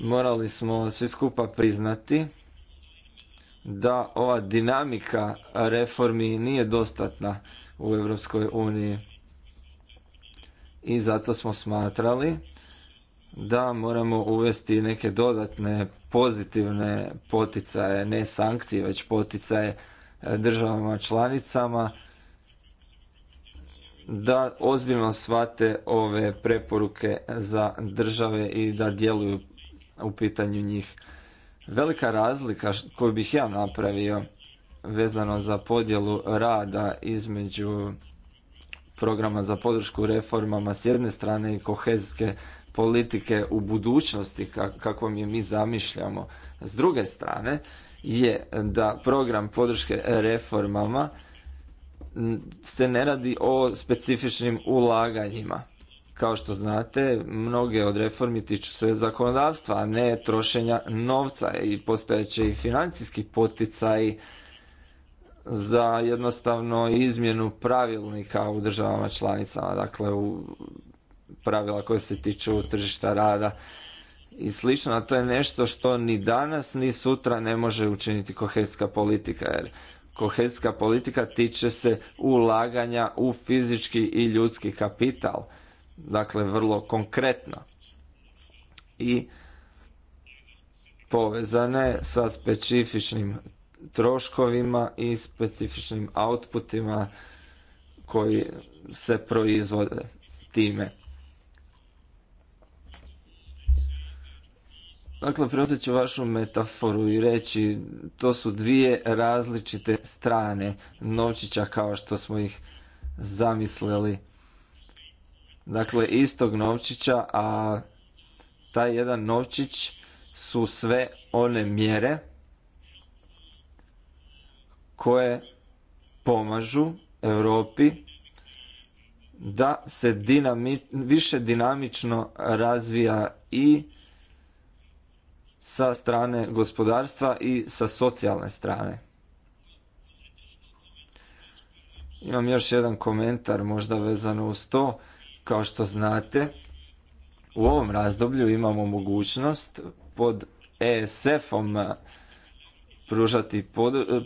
morali smo svi skupa priznati da ova dinamika reformi nije dostatna u Europskoj uniji. I zato smo smatrali da moramo uvesti neke dodatne pozitivne poticaje, ne sankcije, već poticaje e, državama članicama da ozbiljno shvate ove preporuke za države i da djeluju u pitanju njih. Velika razlika koju bih ja napravio vezano za podjelu rada između programa za podršku reformama s jedne strane i kohezijske politike u budućnosti kakvom je mi zamišljamo s druge strane je da program podrške reformama se ne radi o specifičnim ulaganjima. Kao što znate, mnoge od reformi tiču se zakonodavstva, a ne trošenja novca i postojeće i financijski poticaj za jednostavno izmjenu pravilnika u državama članicama, dakle u pravila koje se tiču tržišta rada i slično, a to je nešto što ni danas ni sutra ne može učiniti kohezijska politika, jer kohezijska politika tiče se ulaganja u fizički i ljudski kapital – dakle vrlo konkretna i povezane sa specifičnim troškovima i specifičnim outputima koji se proizvode time. Dakle, preuzet ću vašu metaforu i reći, to su dvije različite strane novčića kao što smo ih zamislili dakle istog novčića, a taj jedan novčić su sve one mjere koje pomažu Europi da se dinami, više dinamično razvija i sa strane gospodarstva i sa socijalne strane. Imam još jedan komentar možda vezano uz to. Kao što znate, u ovom razdoblju imamo mogućnost pod ESF-om eh, pružati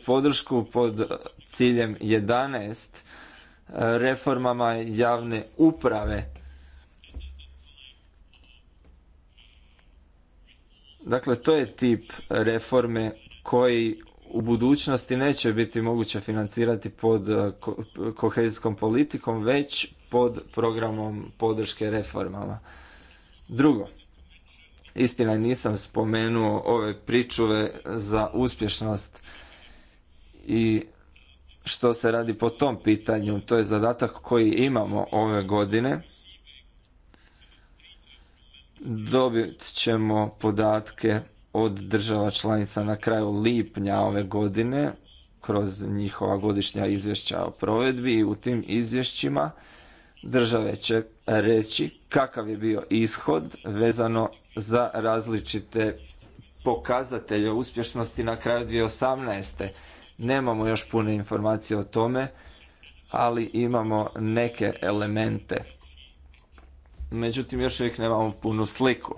podršku pod ciljem 11 eh, reformama javne uprave. Dakle, to je tip reforme koji u budućnosti neće biti moguće financirati pod eh, kohezijskom politikom, već pod programom podrške reformama. Drugo, istina nisam spomenuo ove pričuve za uspješnost i što se radi po tom pitanju, to je zadatak koji imamo ove godine. Dobit ćemo podatke od država članica na kraju lipnja ove godine kroz njihova godišnja izvješća o provedbi i u tim izvješćima Države će reći kakav je bio ishod vezano za različite pokazatelje uspješnosti na kraju 2018. Nemamo još pune informacije o tome, ali imamo neke elemente. Međutim, još uvijek nemamo punu sliku.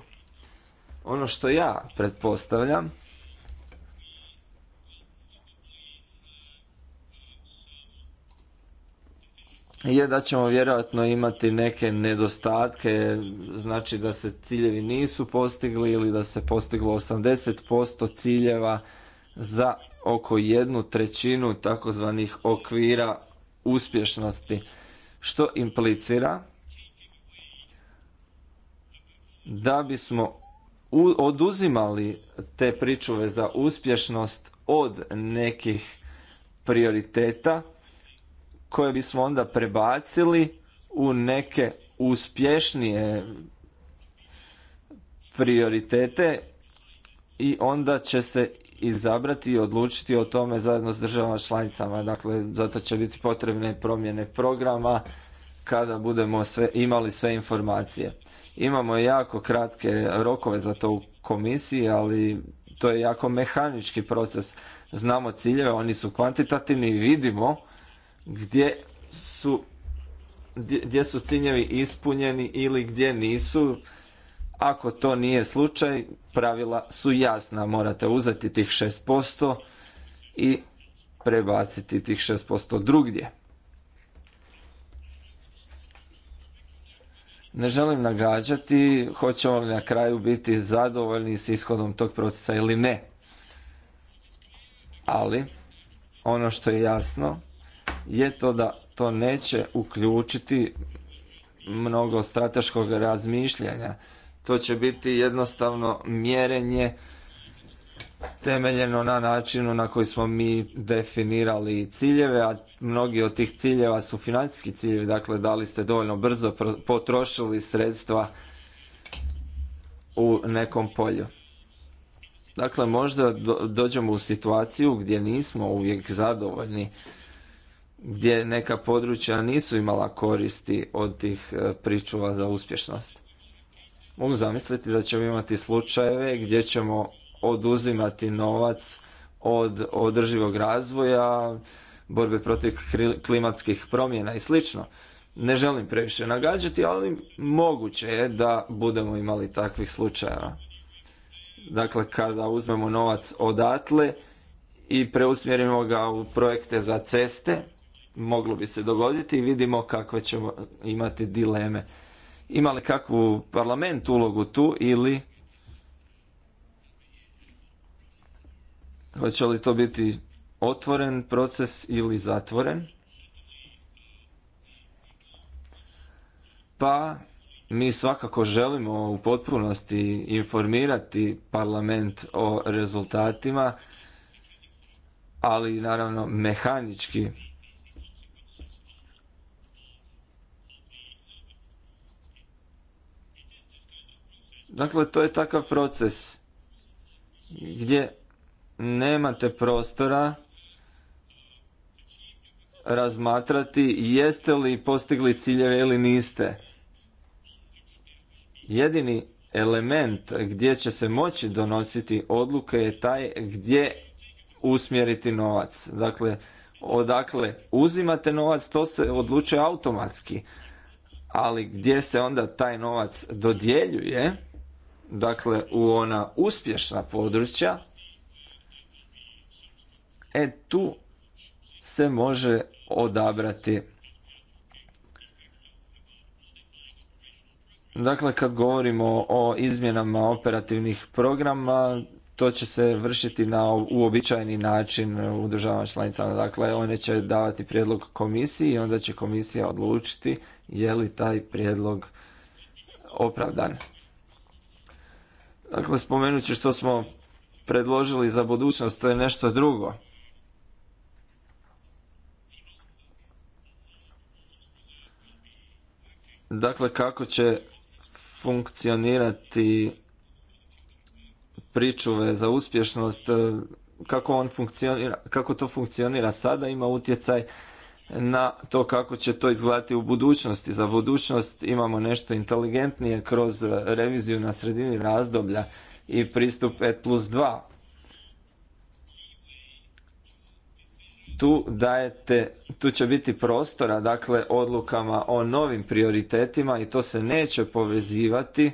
Ono što ja pretpostavljam je da ćemo vjerojatno imati neke nedostatke, znači da se ciljevi nisu postigli ili da se postiglo 80% ciljeva za oko jednu trećinu takozvanih okvira uspješnosti, što implicira da bismo oduzimali te pričuve za uspješnost od nekih prioriteta koje bismo onda prebacili u neke uspješnije prioritete i onda će se izabrati i odlučiti o tome zajedno s državama članicama. Dakle, zato će biti potrebne promjene programa kada budemo sve, imali sve informacije. Imamo jako kratke rokove za to u komisiji, ali to je jako mehanički proces. Znamo ciljeve, oni su kvantitativni i vidimo gdje su gdje su ciljevi ispunjeni ili gdje nisu. Ako to nije slučaj, pravila su jasna. Morate uzeti tih 6% i prebaciti tih 6% drugdje. Ne želim nagađati hoćemo li na kraju biti zadovoljni s ishodom tog procesa ili ne. Ali, ono što je jasno je to da to neće uključiti mnogo strateškog razmišljanja. To će biti jednostavno mjerenje temeljeno na načinu na koji smo mi definirali ciljeve, a mnogi od tih ciljeva su financijski ciljevi, dakle da li ste dovoljno brzo potrošili sredstva u nekom polju. Dakle, možda dođemo u situaciju gdje nismo uvijek zadovoljni gdje neka područja nisu imala koristi od tih e, pričuva za uspješnost. Mogu zamisliti da ćemo imati slučajeve gdje ćemo oduzimati novac od održivog razvoja, borbe protiv klimatskih promjena i slično. Ne želim previše nagađati, ali moguće je da budemo imali takvih slučajeva. Dakle, kada uzmemo novac odatle i preusmjerimo ga u projekte za ceste, moglo bi se dogoditi i vidimo kakve ćemo imati dileme. Ima li kakvu parlament ulogu tu ili hoće li to biti otvoren proces ili zatvoren? Pa mi svakako želimo u potpunosti informirati parlament o rezultatima, ali naravno mehanički Dakle, to je takav proces gdje nemate prostora razmatrati jeste li postigli ciljeve ili niste. Jedini element gdje će se moći donositi odluke je taj gdje usmjeriti novac. Dakle, odakle uzimate novac, to se odlučuje automatski. Ali gdje se onda taj novac dodjeljuje, dakle u ona uspješna područja, e tu se može odabrati Dakle, kad govorimo o izmjenama operativnih programa, to će se vršiti na uobičajeni način u državama članicama. Dakle, one će davati prijedlog komisiji i onda će komisija odlučiti je li taj prijedlog opravdan. Dakle, spomenući što smo predložili za budućnost, to je nešto drugo. Dakle, kako će funkcionirati pričuve za uspješnost, kako on funkcionira, kako to funkcionira sada ima utjecaj na to kako će to izgledati u budućnosti. Za budućnost imamo nešto inteligentnije kroz e, reviziju na sredini razdoblja i pristup E plus 2. Tu, dajete, tu će biti prostora, dakle, odlukama o novim prioritetima i to se neće povezivati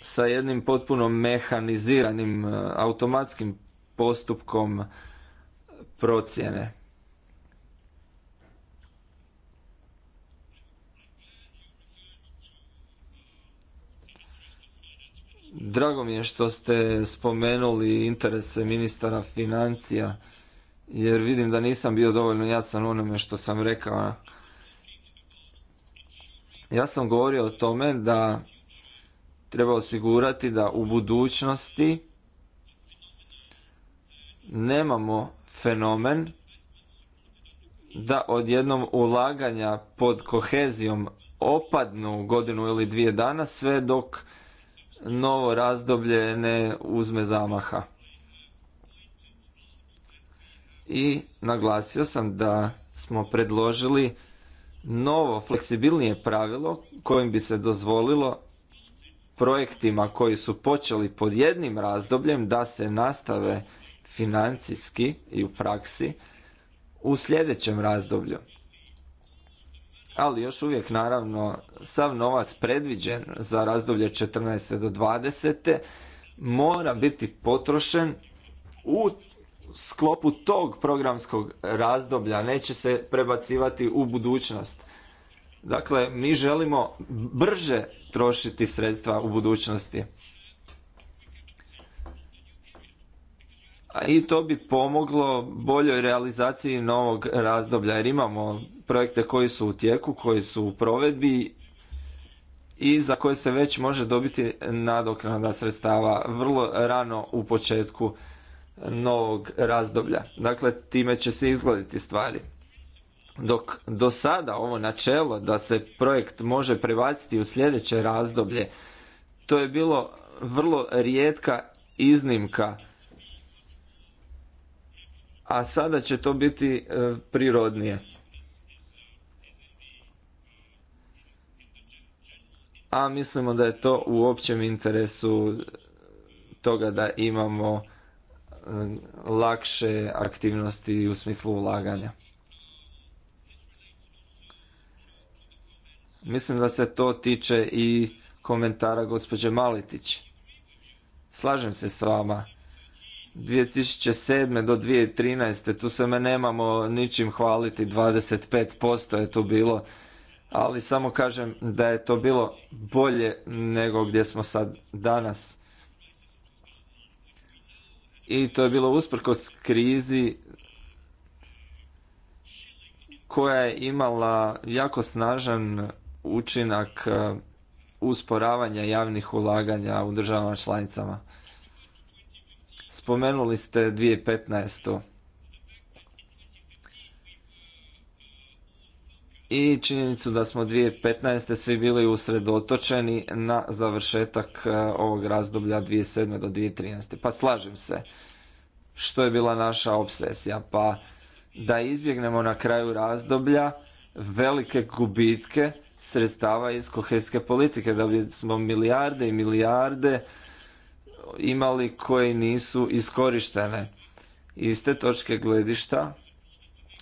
sa jednim potpuno mehaniziranim e, automatskim postupkom procjene. Drago mi je što ste spomenuli interese ministara financija, jer vidim da nisam bio dovoljno jasan onome što sam rekao. Ja sam govorio o tome da treba osigurati da u budućnosti nemamo fenomen da odjednom ulaganja pod kohezijom opadnu godinu ili dvije dana sve dok novo razdoblje ne uzme zamaha. I naglasio sam da smo predložili novo fleksibilnije pravilo kojim bi se dozvolilo projektima koji su počeli pod jednim razdobljem da se nastave financijski i u praksi u sljedećem razdoblju. Ali još uvijek naravno sav novac predviđen za razdoblje 14. do 20. mora biti potrošen u sklopu tog programskog razdoblja, neće se prebacivati u budućnost. Dakle, mi želimo brže trošiti sredstva u budućnosti. i to bi pomoglo boljoj realizaciji novog razdoblja jer imamo projekte koji su u tijeku, koji su u provedbi i za koje se već može dobiti nadoknada sredstava vrlo rano u početku novog razdoblja. Dakle, time će se izgledati stvari. Dok do sada ovo načelo da se projekt može prebaciti u sljedeće razdoblje, to je bilo vrlo rijetka iznimka a sada će to biti e, prirodnije. A mislimo da je to u općem interesu toga da imamo e, lakše aktivnosti u smislu ulaganja. Mislim da se to tiče i komentara gospođe Maletić. Slažem se s vama 2007. do 2013. tu se me nemamo ničim hvaliti, 25% je tu bilo, ali samo kažem da je to bilo bolje nego gdje smo sad danas. I to je bilo usprkos krizi koja je imala jako snažan učinak eh, usporavanja javnih ulaganja u državama članicama. Spomenuli ste 2015. i činjenicu da smo 2015. svi bili usredotočeni na završetak e, ovog razdoblja 2007. do 2013. Pa slažem se. Što je bila naša obsesija? Pa da izbjegnemo na kraju razdoblja velike gubitke sredstava iz kohezijske politike, da bismo milijarde i milijarde imali koje nisu iskorištene. te točke gledišta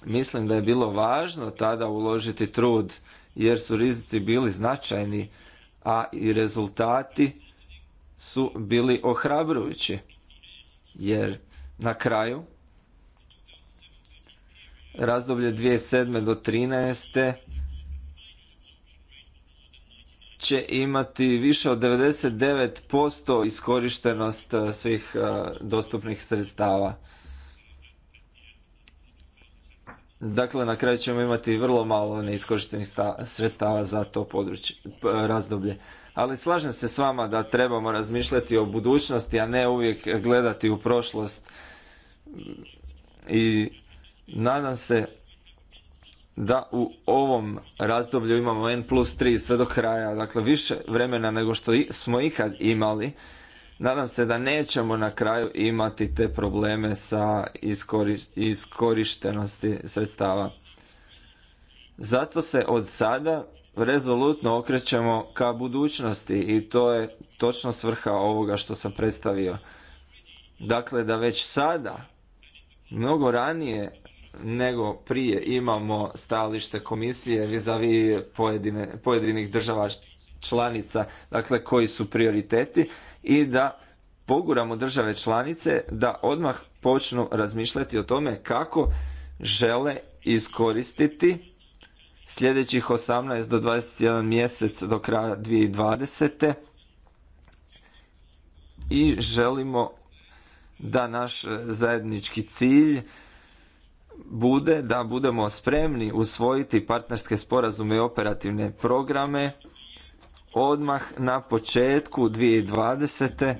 mislim da je bilo važno tada uložiti trud jer su rizici bili značajni, a i rezultati su bili ohrabrujući. Jer na kraju razdoblje 2007. do 2013 će imati više od 99% iskorištenost e, svih e, dostupnih sredstava. Dakle, na kraju ćemo imati vrlo malo neiskorištenih sredstava za to područje, razdoblje. Ali slažem se s vama da trebamo razmišljati o budućnosti, a ne uvijek gledati u prošlost. I nadam se da u ovom razdoblju imamo N plus 3 sve do kraja, dakle više vremena nego što smo ikad imali. Nadam se da nećemo na kraju imati te probleme sa iskorištenosti sredstava. Zato se od sada rezolutno okrećemo ka budućnosti i to je točno svrha ovoga što sam predstavio. Dakle, da već sada, mnogo ranije nego prije imamo stajalište komisije vizavi pojedine, pojedinih država članica, dakle koji su prioriteti i da poguramo države članice da odmah počnu razmišljati o tome kako žele iskoristiti sljedećih 18 do 21 mjesec do kraja 2020. i želimo da naš zajednički cilj bude da budemo spremni usvojiti partnerske sporazume i operativne programe odmah na početku 2020.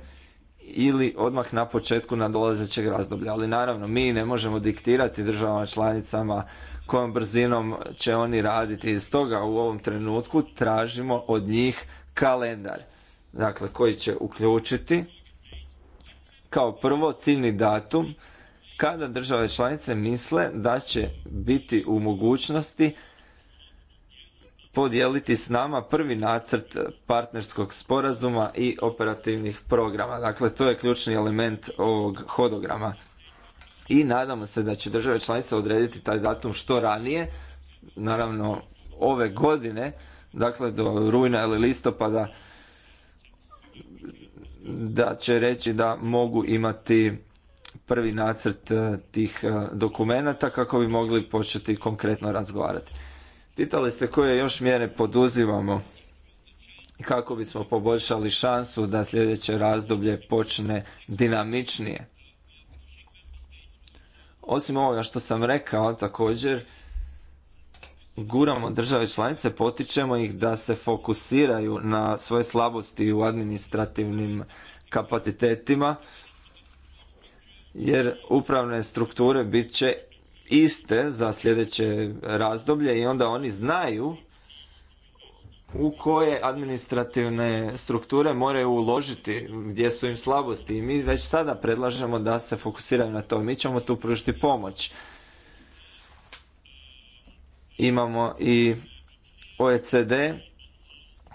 ili odmah na početku nadolazećeg razdoblja. Ali naravno, mi ne možemo diktirati državama članicama kojom brzinom će oni raditi. I stoga u ovom trenutku tražimo od njih kalendar, dakle koji će uključiti kao prvo ciljni datum kada države članice misle da će biti u mogućnosti podijeliti s nama prvi nacrt partnerskog sporazuma i operativnih programa. Dakle, to je ključni element ovog hodograma. I nadamo se da će države članice odrediti taj datum što ranije, naravno ove godine, dakle do rujna ili listopada, da će reći da mogu imati prvi nacrt e, tih e, dokumenata kako bi mogli početi konkretno razgovarati. Pitali ste koje još mjere poduzimamo kako bismo poboljšali šansu da sljedeće razdoblje počne dinamičnije. Osim ovoga što sam rekao također, guramo države članice, potičemo ih da se fokusiraju na svoje slabosti u administrativnim kapacitetima jer upravne strukture bit će iste za sljedeće razdoblje i onda oni znaju u koje administrativne strukture moraju uložiti, gdje su im slabosti. I mi već sada predlažemo da se fokusiraju na to. Mi ćemo tu pružiti pomoć. Imamo i OECD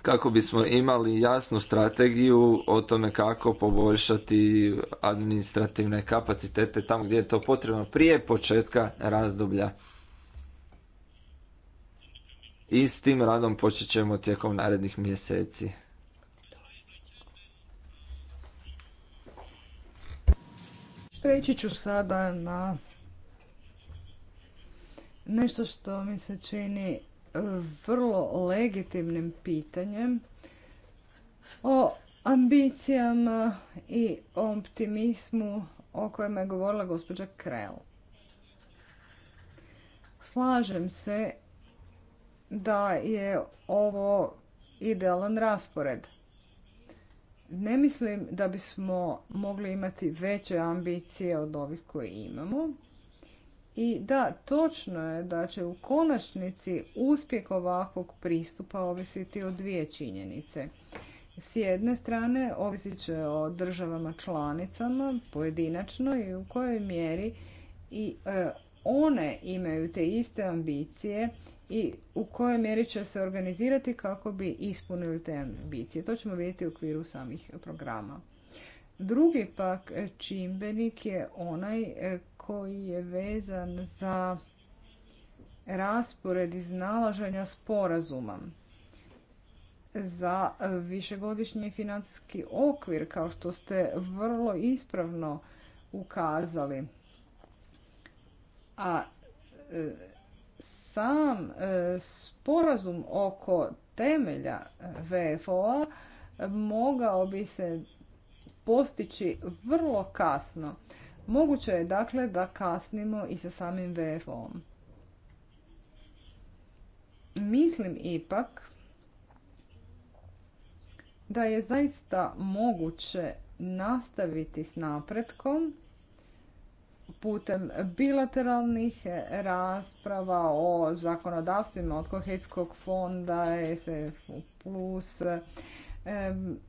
kako bismo imali jasnu strategiju o tome kako poboljšati administrativne kapacitete tamo gdje je to potrebno prije početka razdoblja. I s tim radom počet ćemo tijekom narednih mjeseci. Preći ću sada na nešto što mi se čini vrlo legitimnim pitanjem o ambicijama i optimizmu o kojem je govorila gospođa Krell. Slažem se da je ovo idealan raspored. Ne mislim da bismo mogli imati veće ambicije od ovih koje imamo. I da, točno je da će u konačnici uspjeh ovakvog pristupa ovisiti o dvije činjenice. S jedne strane, ovisit će o državama članicama pojedinačno i u kojoj mjeri i e, one imaju te iste ambicije i u kojoj mjeri će se organizirati kako bi ispunili te ambicije. To ćemo vidjeti u okviru samih programa. Drugi pak e, čimbenik je onaj e, koji je vezan za raspored iznalaženja sporazuma za višegodišnji financijski okvir, kao što ste vrlo ispravno ukazali. A e, sam e, sporazum oko temelja e, VFO-a mogao bi se postići vrlo kasno. Moguće je dakle da kasnimo i sa samim VFO-om. Mislim ipak da je zaista moguće nastaviti s napretkom putem bilateralnih rasprava o zakonodavstvima od kohezijskog fonda, SF+,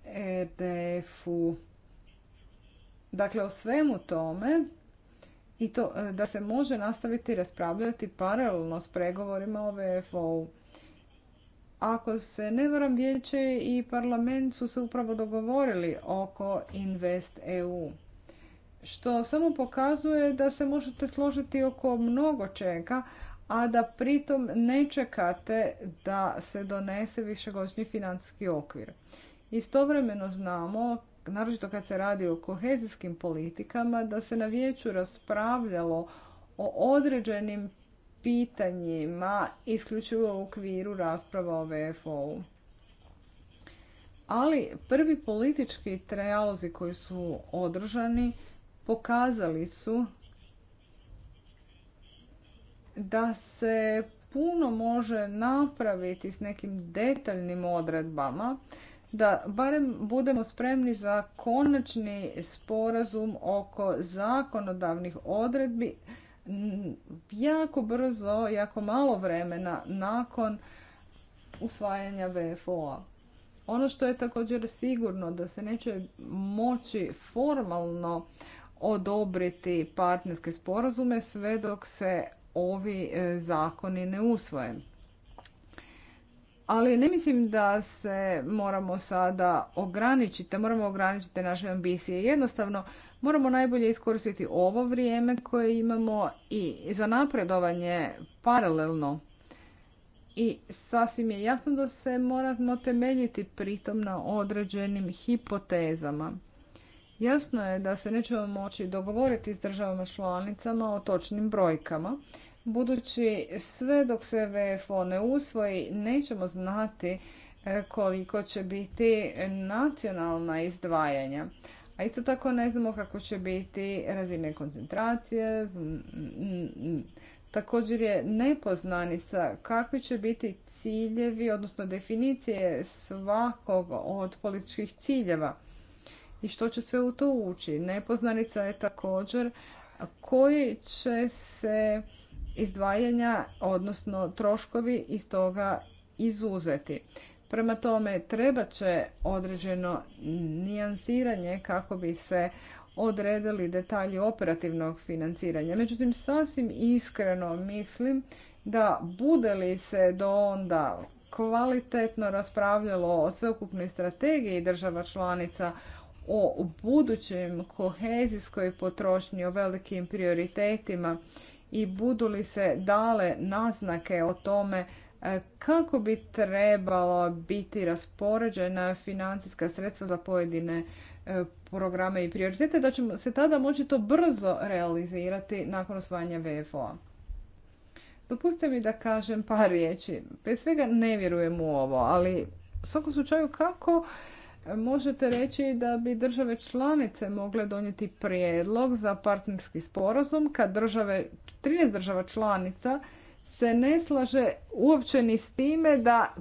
EDF-u, Dakle, o svemu tome i to e, da se može nastaviti raspravljati paralelno s pregovorima o VFO-u. Ako se ne varam, vijeće i parlament su se upravo dogovorili oko Invest EU. Što samo pokazuje da se možete složiti oko mnogo čega, a da pritom ne čekate da se donese višegodišnji financijski okvir. Istovremeno znamo naročito kad se radi o kohezijskim politikama, da se na vijeću raspravljalo o određenim pitanjima isključivo u okviru rasprava o VFO-u. Ali prvi politički trajalozi koji su održani pokazali su da se puno može napraviti s nekim detaljnim odredbama da barem budemo spremni za konačni sporazum oko zakonodavnih odredbi jako brzo, jako malo vremena nakon usvajanja VFO-a. Ono što je također sigurno da se neće moći formalno odobriti partnerske sporazume sve dok se ovi e, zakoni ne usvoje ali ne mislim da se moramo sada ograničiti, moramo ograničiti naše ambicije. Jednostavno, moramo najbolje iskoristiti ovo vrijeme koje imamo i za napredovanje paralelno. I sasvim je jasno da se moramo temeljiti pritom na određenim hipotezama. Jasno je da se nećemo moći dogovoriti s državama članicama o točnim brojkama, budući sve dok se VFO ne usvoji nećemo znati e, koliko će biti nacionalna izdvajanja. A isto tako ne znamo kako će biti razine koncentracije. Također je nepoznanica kakvi će biti ciljevi, odnosno definicije svakog od političkih ciljeva i što će sve u to ući. Nepoznanica je također koji će se izdvajanja, odnosno troškovi iz toga izuzeti. Prema tome, treba će određeno nijansiranje kako bi se odredili detalji operativnog financiranja. Međutim, sasvim iskreno mislim da bude li se do onda kvalitetno raspravljalo o sveukupnoj strategiji država članica o budućem kohezijskoj potrošnji, o velikim prioritetima i budu li se dale naznake o tome e, kako bi trebalo biti raspoređena financijska sredstva za pojedine e, programe i prioritete, da ćemo se tada moći to brzo realizirati nakon osvajanja VFO-a. Dopustite mi da kažem par riječi. Prije svega ne vjerujem u ovo, ali u svakom slučaju kako Možete reći da bi države članice mogle donijeti prijedlog za partnerski sporazum kad države, 13 država članica se ne slaže uopće ni s time da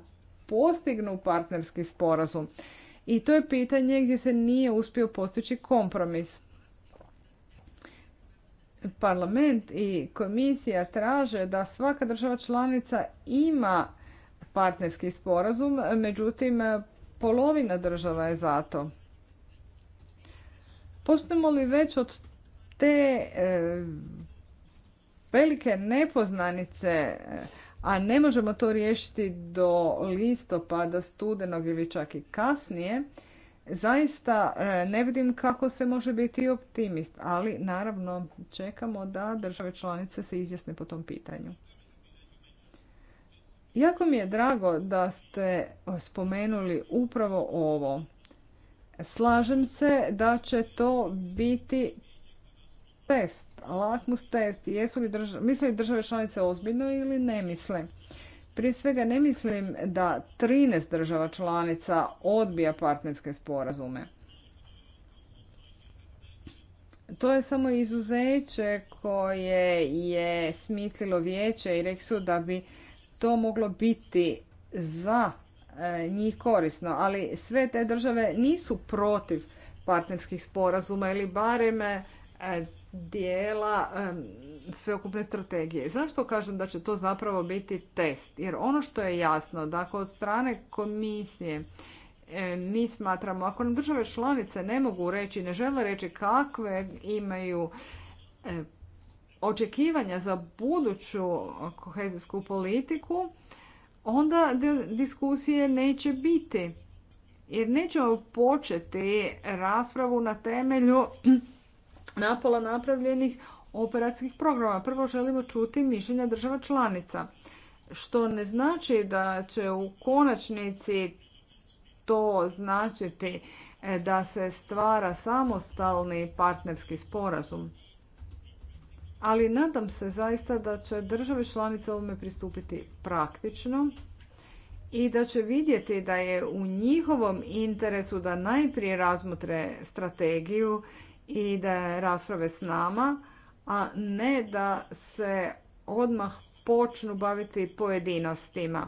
postignu partnerski sporazum. I to je pitanje gdje se nije uspio postići kompromis. Parlament i komisija traže da svaka država članica ima partnerski sporazum, međutim Polovina država je za to. li već od te e, velike nepoznanice, e, a ne možemo to riješiti do listopada, studenog ili čak i kasnije, zaista e, ne vidim kako se može biti optimist, ali naravno čekamo da države članice se izjasne po tom pitanju. Jako mi je drago da ste spomenuli upravo ovo. Slažem se da će to biti test, lakmus test. Jesu li misle li države članice ozbiljno ili ne misle? Prije svega ne mislim da 13 država članica odbija partnerske sporazume. To je samo izuzeće koje je smislilo vijeće i rekli su da bi to moglo biti za e, njih korisno, ali sve te države nisu protiv partnerskih sporazuma ili barem e, dijela e, sveukupne strategije. Zašto kažem da će to zapravo biti test? Jer ono što je jasno, da ako od strane komisije mi smatramo, ako nam države članice ne mogu reći, ne žele reći kakve imaju očekivanja za buduću kohezijsku politiku, onda diskusije neće biti. Jer nećemo početi raspravu na temelju [CLEARS THROAT] napola napravljenih operacijskih programa. Prvo želimo čuti mišljenja država članica. Što ne znači da će u konačnici to značiti e, da se stvara samostalni partnerski sporazum ali nadam se zaista da će države članice ovome pristupiti praktično i da će vidjeti da je u njihovom interesu da najprije razmotre strategiju i da rasprave s nama, a ne da se odmah počnu baviti pojedinostima.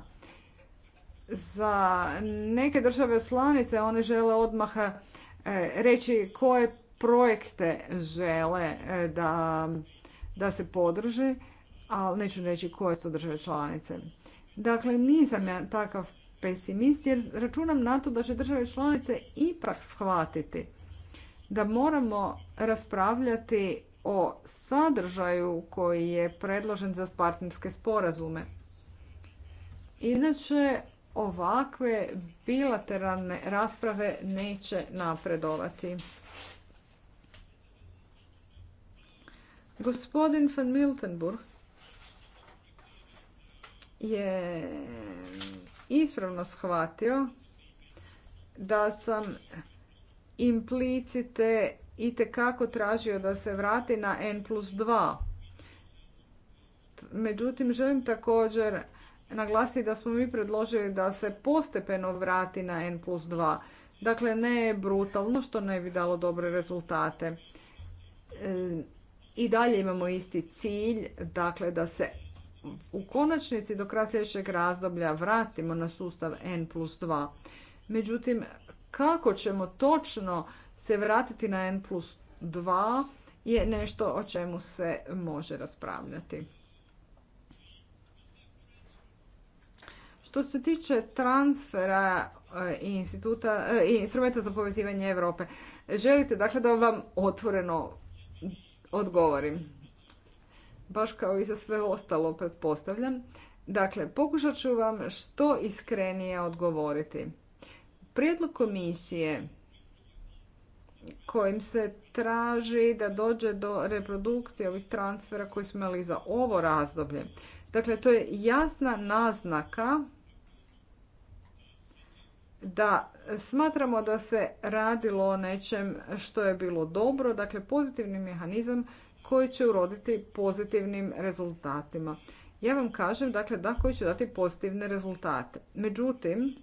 Za neke države članice one žele odmah e, reći koje projekte žele e, da da se podrži, ali neću reći koje su države članice. Dakle, nisam ja takav pesimist jer računam na to da će države članice ipak shvatiti da moramo raspravljati o sadržaju koji je predložen za partnerske sporazume. Inače, ovakve bilateralne rasprave neće napredovati. Gospodin van Miltenburg je ispravno shvatio da sam implicite i tekako tražio da se vrati na N plus 2. Međutim, želim također naglasiti da smo mi predložili da se postepeno vrati na N plus 2. Dakle, ne je brutalno, što ne bi dalo dobre rezultate. E, i dalje imamo isti cilj, dakle da se u konačnici do kraja sljedećeg razdoblja vratimo na sustav N plus 2. Međutim, kako ćemo točno se vratiti na N plus 2 je nešto o čemu se može raspravljati. Što se tiče transfera e, instituta, e, instrumenta za povezivanje Europe, želite dakle da vam otvoreno odgovorim. Baš kao i za sve ostalo, pretpostavljam. Dakle, pokušat ću vam što iskrenije odgovoriti. Prijedlog komisije kojim se traži da dođe do reprodukcije ovih transfera koji smo imali za ovo razdoblje. Dakle, to je jasna naznaka da smatramo da se radilo o nečem što je bilo dobro, dakle pozitivni mehanizam koji će uroditi pozitivnim rezultatima. Ja vam kažem dakle, da koji će dati pozitivne rezultate. Međutim,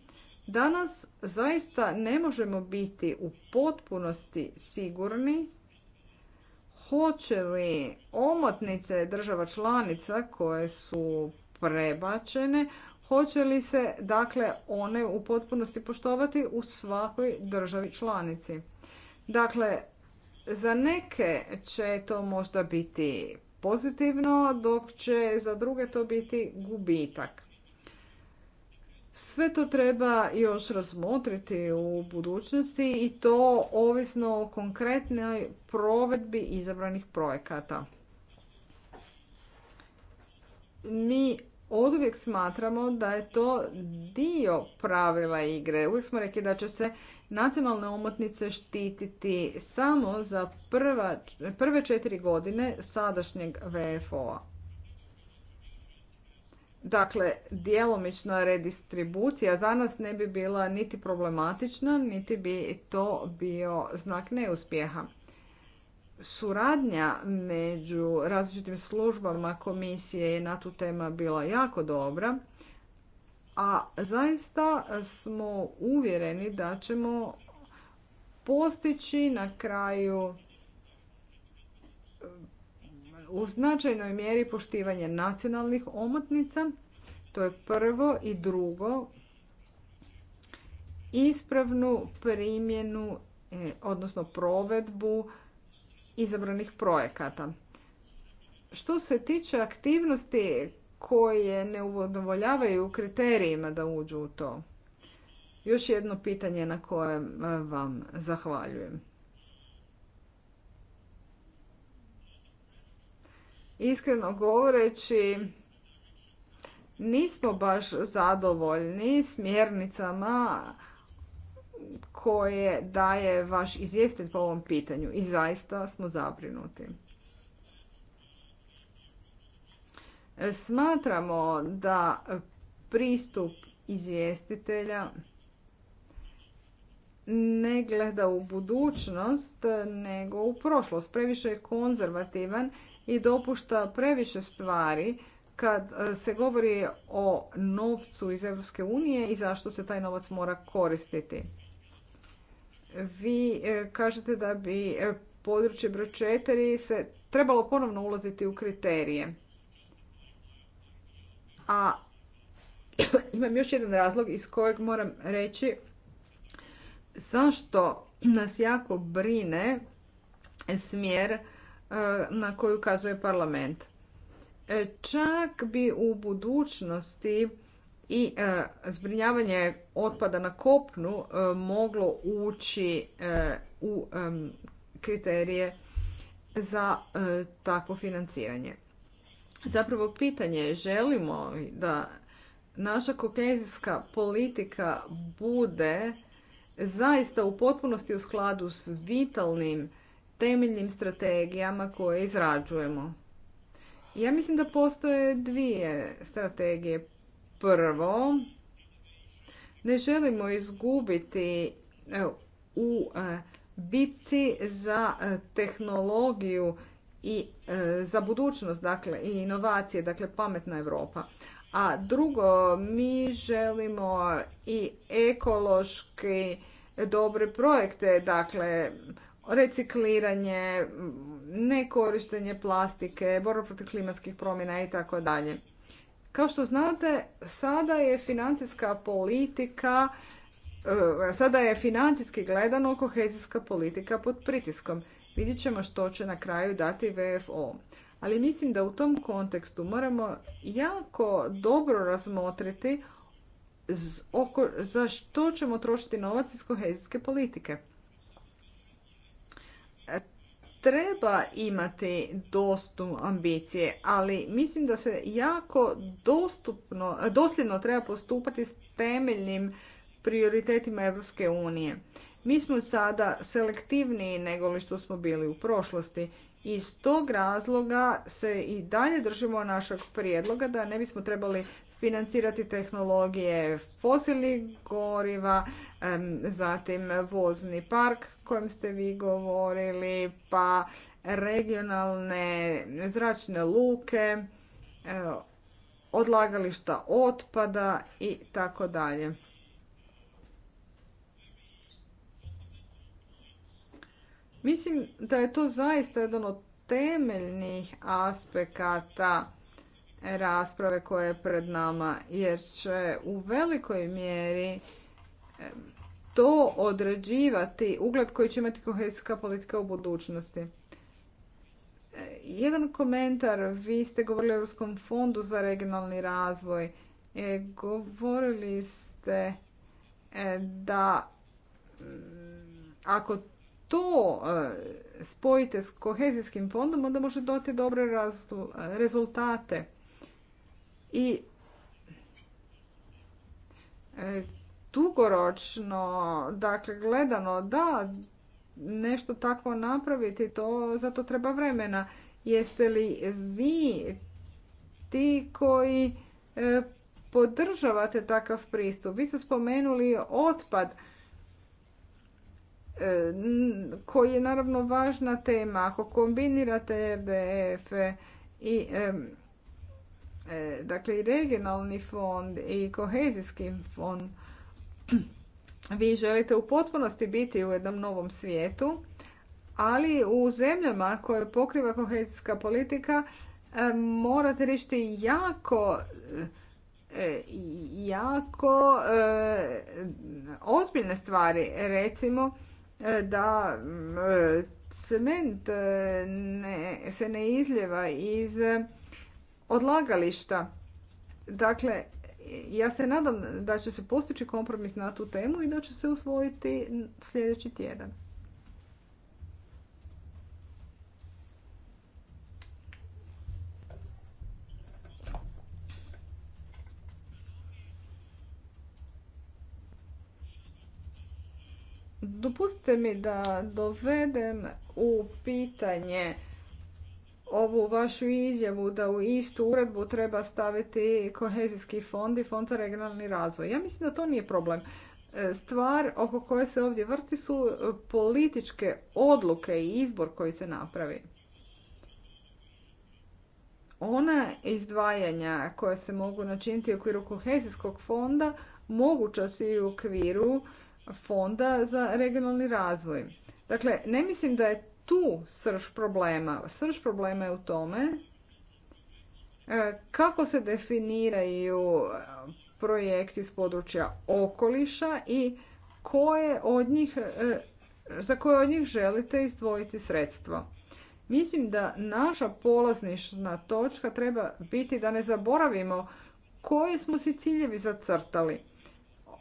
danas zaista ne možemo biti u potpunosti sigurni hoće li omotnice država članica koje su prebačene Hoće li se dakle one u potpunosti poštovati u svakoj državi članici? Dakle, za neke će to možda biti pozitivno, dok će za druge to biti gubitak. Sve to treba još razmotriti u budućnosti i to ovisno o konkretnoj provedbi izabranih projekata. Mi od smatramo da je to dio pravila igre. Uvijek smo rekli da će se nacionalne omotnice štititi samo za prve četiri godine sadašnjeg VFO-a. Dakle, djelomična redistribucija za nas ne bi bila niti problematična, niti bi to bio znak neuspjeha suradnja među različitim službama komisije je na tu tema bila jako dobra, a zaista smo uvjereni da ćemo postići na kraju u značajnoj mjeri poštivanje nacionalnih omotnica, to je prvo i drugo, ispravnu primjenu, e, odnosno provedbu izabranih projekata. Što se tiče aktivnosti koje ne uvodovoljavaju kriterijima da uđu u to, još jedno pitanje na koje e, vam zahvaljujem. Iskreno govoreći, nismo baš zadovoljni smjernicama koje daje vaš izvjestitelj po ovom pitanju i zaista smo zabrinuti. Smatramo da pristup izvjestitelja ne gleda u budućnost nego u prošlost. Previše je konzervativan i dopušta previše stvari kad e, se govori o novcu iz Europske unije i zašto se taj novac mora koristiti. Vi e, kažete da bi e, područje broj četiri se trebalo ponovno ulaziti u kriterije. A [CLEARS THROAT] imam još jedan razlog iz kojeg moram reći zašto nas jako brine smjer e, na koju ukazuje parlament. Čak bi u budućnosti i e, zbrinjavanje otpada na kopnu e, moglo ući e, u kriterije za takvo financiranje. Zapravo pitanje je želimo da naša kohezijska politika bude zaista u potpunosti u skladu s vitalnim temeljnim strategijama koje izrađujemo. Ja mislim da postoje dvije strategije. Prvo, ne želimo izgubiti u e, bitci za e, tehnologiju i e, za budućnost, dakle i inovacije, dakle pametna Europa. A drugo, mi želimo i ekološki dobre projekte, dakle recikliranje, nekorištenje plastike, borba protiv klimatskih promjena i tako dalje. Kao što znate, sada je financijska politika e, Sada je financijski gledano kohezijska politika pod pritiskom. Vidjet ćemo što će na kraju dati VFO. Ali mislim da u tom kontekstu moramo jako dobro razmotriti za što ćemo trošiti novac iz kohezijske politike treba imati dostup ambicije, ali mislim da se jako dostupno, dosljedno treba postupati s temeljnim prioritetima Europske unije. Mi smo sada selektivniji nego li što smo bili u prošlosti. Iz tog razloga se i dalje držimo našeg prijedloga da ne bismo trebali financirati tehnologije fosilnih goriva, zatim vozni park kojem ste vi govorili, pa regionalne zračne luke, odlagališta otpada i tako dalje. Mislim da je to zaista jedan od temeljnih aspekata rasprave koja je pred nama jer će u velikoj mjeri to određivati ugled koji će imati kohezijska politika u budućnosti. Jedan komentar, vi ste govorili o Europskom fondu za regionalni razvoj. E, govorili ste e, da mm, ako to e, spojite s kohezijskim fondom, onda može doti dobre rezultate i e, dugoročno, dakle gledano, da, nešto tako napraviti, to, zato treba vremena. Jeste li vi ti koji e, podržavate takav pristup? Vi ste spomenuli otpad e, koji je naravno važna tema. Ako kombinirate RDF i E, dakle i regionalni fond i kohezijski fond, vi želite u potpunosti biti u jednom novom svijetu, ali u zemljama koje pokriva kohezijska politika e, morate riješiti jako e, jako ozbiljne stvari. Recimo da cement se ne izljeva iz odlagališta. Dakle, ja se nadam da će se postići kompromis na tu temu i da će se usvojiti sljedeći tjedan. Dopustite mi da dovedem u pitanje ovu vašu izjavu da u istu uredbu treba staviti kohezijski fond i fond za regionalni razvoj. Ja mislim da to nije problem. E, stvar oko koje se ovdje vrti su e, političke odluke i izbor koji se napravi. Ona izdvajanja koja se mogu načiniti u okviru kohezijskog fonda moguća su i u okviru fonda za regionalni razvoj. Dakle, ne mislim da je tu srž problema. Srž problema je u tome e, kako se definiraju e, projekti iz područja okoliša i koje od njih, e, za koje od njih želite izdvojiti sredstvo. Mislim da naša polaznišna točka treba biti da ne zaboravimo koje smo si ciljevi zacrtali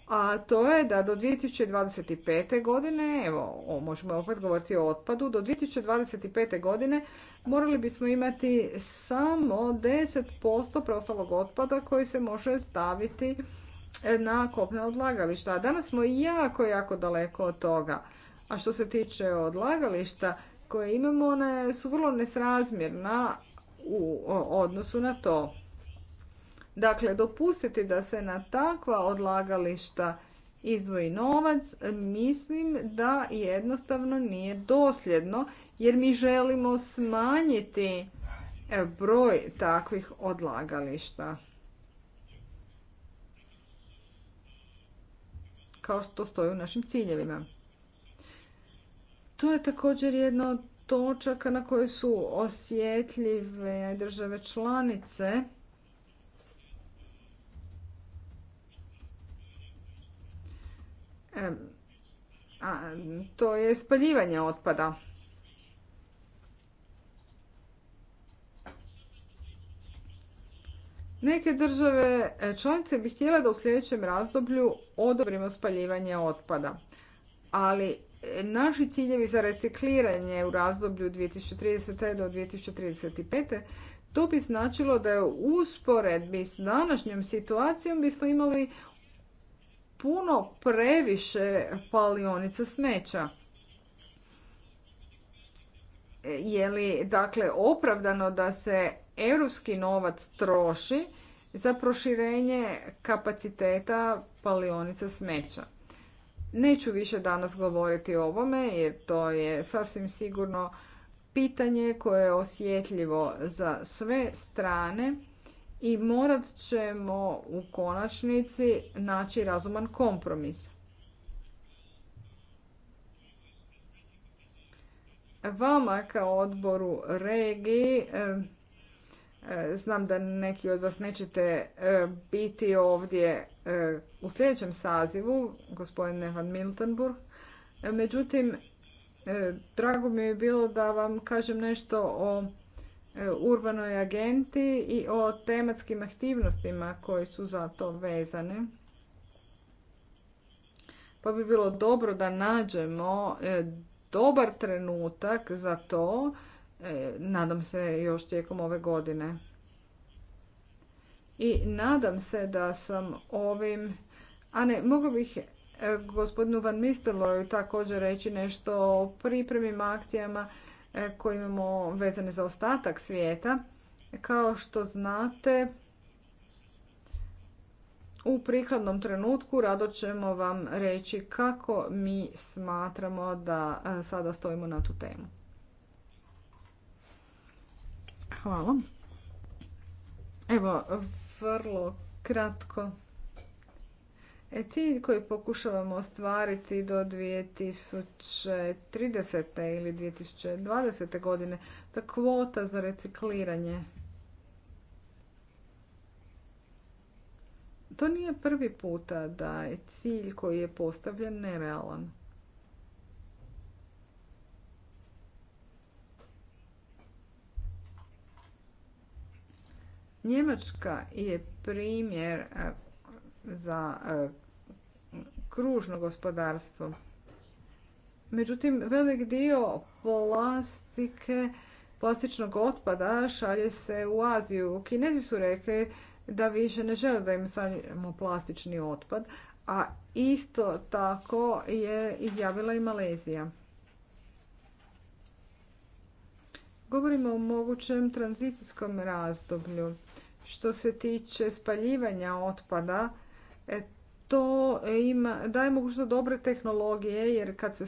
a to je da do 2025. godine, evo možemo opet govoriti o otpadu, do 2025. godine morali bismo imati samo 10% preostalog otpada koji se može staviti e, na kopne odlagališta. A danas smo jako, jako daleko od toga. A što se tiče odlagališta koje imamo, one su vrlo nesrazmjerna u odnosu na to. Dakle, dopustiti da se na takva odlagališta izdvoji novac, mislim da jednostavno nije dosljedno jer mi želimo smanjiti e, broj takvih odlagališta. Kao što stoji u našim ciljevima. To je također jedna od točaka na koje su osjetljive države članice to je spaljivanje otpada. Neke države e, članice bi htjele da u sljedećem razdoblju odobrimo spaljivanje otpada, ali e, naši ciljevi za recikliranje u razdoblju 2030. do 2035. To bi značilo da je u usporedbi s današnjom situacijom bismo imali puno previše palionica smeća. E, je li dakle opravdano da se europski novac troši za proširenje kapaciteta palionica smeća? Neću više danas govoriti o ovome jer to je sasvim sigurno pitanje koje je osjetljivo za sve strane i morat ćemo u konačnici naći razuman kompromis. Vama kao odboru regiji, e, e, znam da neki od vas nećete e, biti ovdje u sljedećem sazivu, gospodine Van Miltenburg, međutim, drago mi je bilo da vam kažem nešto o E, urbanoj agenti i o tematskim aktivnostima koji su za to vezane. Pa bi bilo dobro da nađemo e, dobar trenutak za to, e, nadam se još tijekom ove godine. I nadam se da sam ovim, a ne, mogu bih gospodinu Van Misteloju također reći nešto o pripremim akcijama E, koje imamo vezane za ostatak svijeta. Kao što znate, u prikladnom trenutku rado ćemo vam reći kako mi smatramo da e, sada stojimo na tu temu. Hvala. Evo, vrlo kratko. E, cilj koji pokušavamo ostvariti do 2030. ili 2020. godine, ta kvota za recikliranje, to nije prvi puta da je cilj koji je postavljen nerealan. Njemačka je primjer za e, kružno gospodarstvo. Međutim, velik dio plastike, plastičnog otpada šalje se u Aziju. Kinezi su rekli da više ne žele da im šaljemo plastični otpad, a isto tako je izjavila i Malezija. Govorimo o mogućem tranzicijskom razdoblju. Što se tiče spaljivanja otpada, E, to ima, daje mogućnost dobre tehnologije jer kad se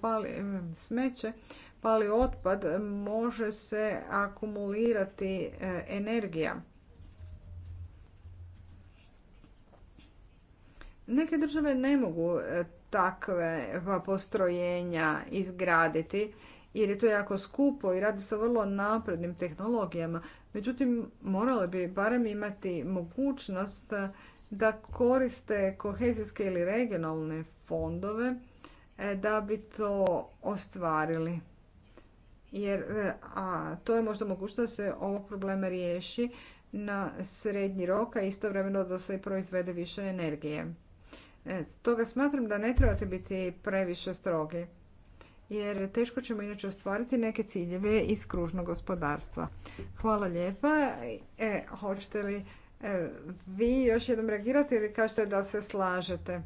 pali smeće, pali otpad, može se akumulirati e, energija. Neke države ne mogu e, takve pa, postrojenja izgraditi jer je to jako skupo i radi se vrlo naprednim tehnologijama. Međutim, morale bi barem imati mogućnost da koriste kohezijske ili regionalne fondove e, da bi to ostvarili. Jer e, a, to je možda mogućnost da se ovog problema riješi na srednji rok, a istovremeno da se proizvede više energije. E, toga smatram da ne trebate biti previše strogi, jer teško ćemo inače ostvariti neke ciljeve iz kružnog gospodarstva. Hvala lijepa. E, hoćete li E, vi još jednom reagirate ili kažete da se slažete?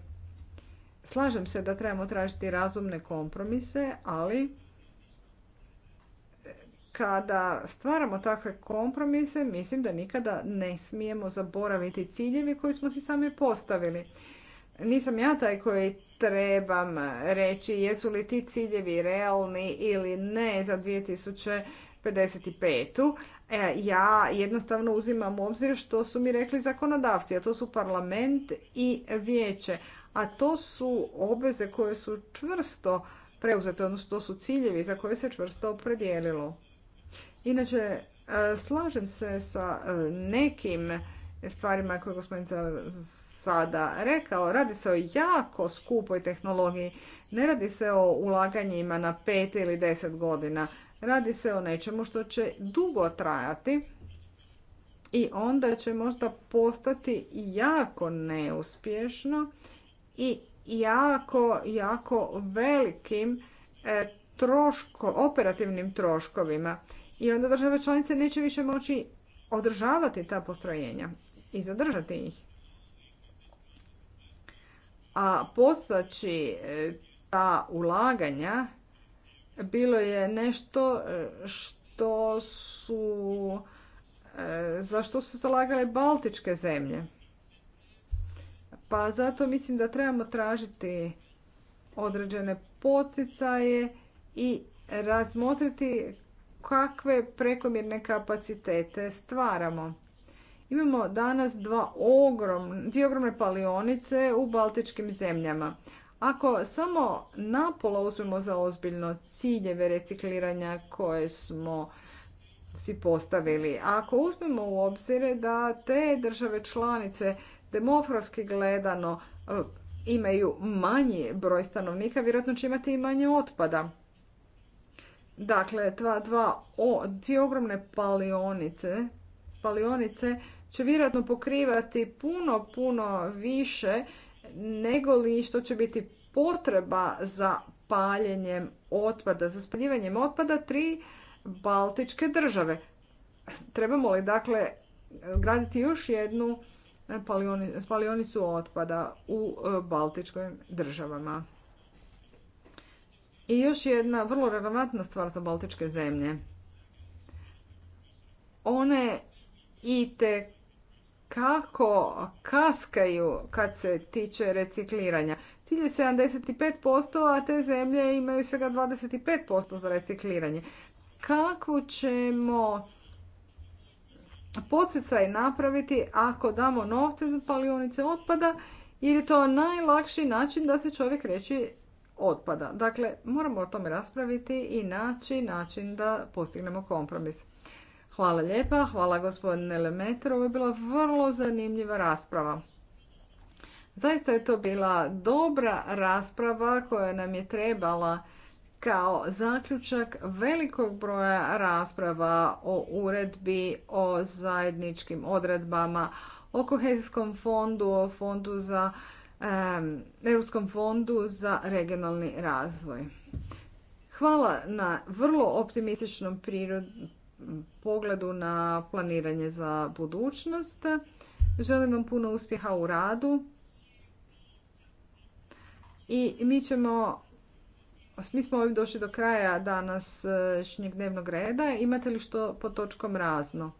Slažem se da trebamo tražiti razumne kompromise, ali e, kada stvaramo takve kompromise, mislim da nikada ne smijemo zaboraviti ciljevi koji smo si sami postavili. Nisam ja taj koji trebam reći jesu li ti ciljevi realni ili ne za 2055. E, ja jednostavno uzimam u obzir što su mi rekli zakonodavci, a to su parlament i vijeće. A to su obveze koje su čvrsto preuzete, odnosno to su ciljevi za koje se čvrsto opredijelilo. Inače, e, slažem se sa e, nekim stvarima koje je gospodin sada rekao. Radi se o jako skupoj tehnologiji. Ne radi se o ulaganjima na pet ili deset godina. Radi se o nečemu što će dugo trajati i onda će možda postati jako neuspješno i jako, jako velikim e, operativnim troškovima. I onda države članice neće više moći održavati ta postrojenja i zadržati ih. A postaći e, ta ulaganja bilo je nešto e, što su e, za što su se zalagale baltičke zemlje. Pa zato mislim da trebamo tražiti određene poticaje i razmotriti kakve prekomjerne kapacitete stvaramo. Imamo danas dva ogrom, dvije ogromne palionice u baltičkim zemljama. Ako samo napola uzmemo za ozbiljno ciljeve recikliranja koje smo si postavili, ako uzmemo u obzir da te države članice demografski gledano e, imaju manji broj stanovnika, vjerojatno će imati i manje otpada. Dakle, dva, dva, o, dvije ogromne palionice, palionice će vjerojatno pokrivati puno, puno više nego li što će biti potreba za paljenjem otpada, za spaljivanjem otpada tri baltičke države. Trebamo li dakle graditi još jednu spalionicu otpada u e, baltičkim državama? I još jedna vrlo relevantna stvar za baltičke zemlje. One i kako kaskaju kad se tiče recikliranja. Cilj je 75%, a te zemlje imaju svega 25% za recikliranje. Kako ćemo podsjecaj napraviti ako damo novce za palionice otpada, jer je to najlakši način da se čovjek reći otpada. Dakle, moramo o tome raspraviti i naći način da postignemo kompromis. Hvala lijepa, hvala gospodine Lemeter, ovo je bila vrlo zanimljiva rasprava. Zaista je to bila dobra rasprava koja nam je trebala kao zaključak velikog broja rasprava o uredbi, o zajedničkim odredbama, o kohezijskom fondu, o fondu za Europskom fondu za regionalni razvoj. Hvala na vrlo optimističnom prirodu pogledu na planiranje za budućnost. Želim vam puno uspjeha u radu i mi ćemo mi smo ovdje došli do kraja današnjeg dnevnog reda. Imate li što po točkom razno?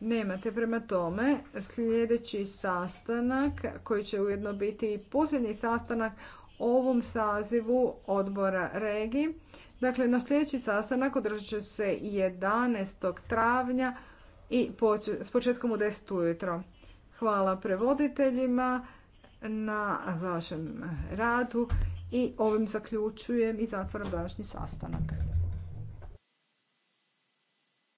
Nemate. Prema tome, sljedeći sastanak, koji će ujedno biti i posljednji sastanak ovom sazivu odbora regi. Dakle, na sljedeći sastanak održat će se 11. travnja i s početkom u 10. ujutro. Hvala prevoditeljima na vašem radu i ovim zaključujem i zatvaram današnji sastanak.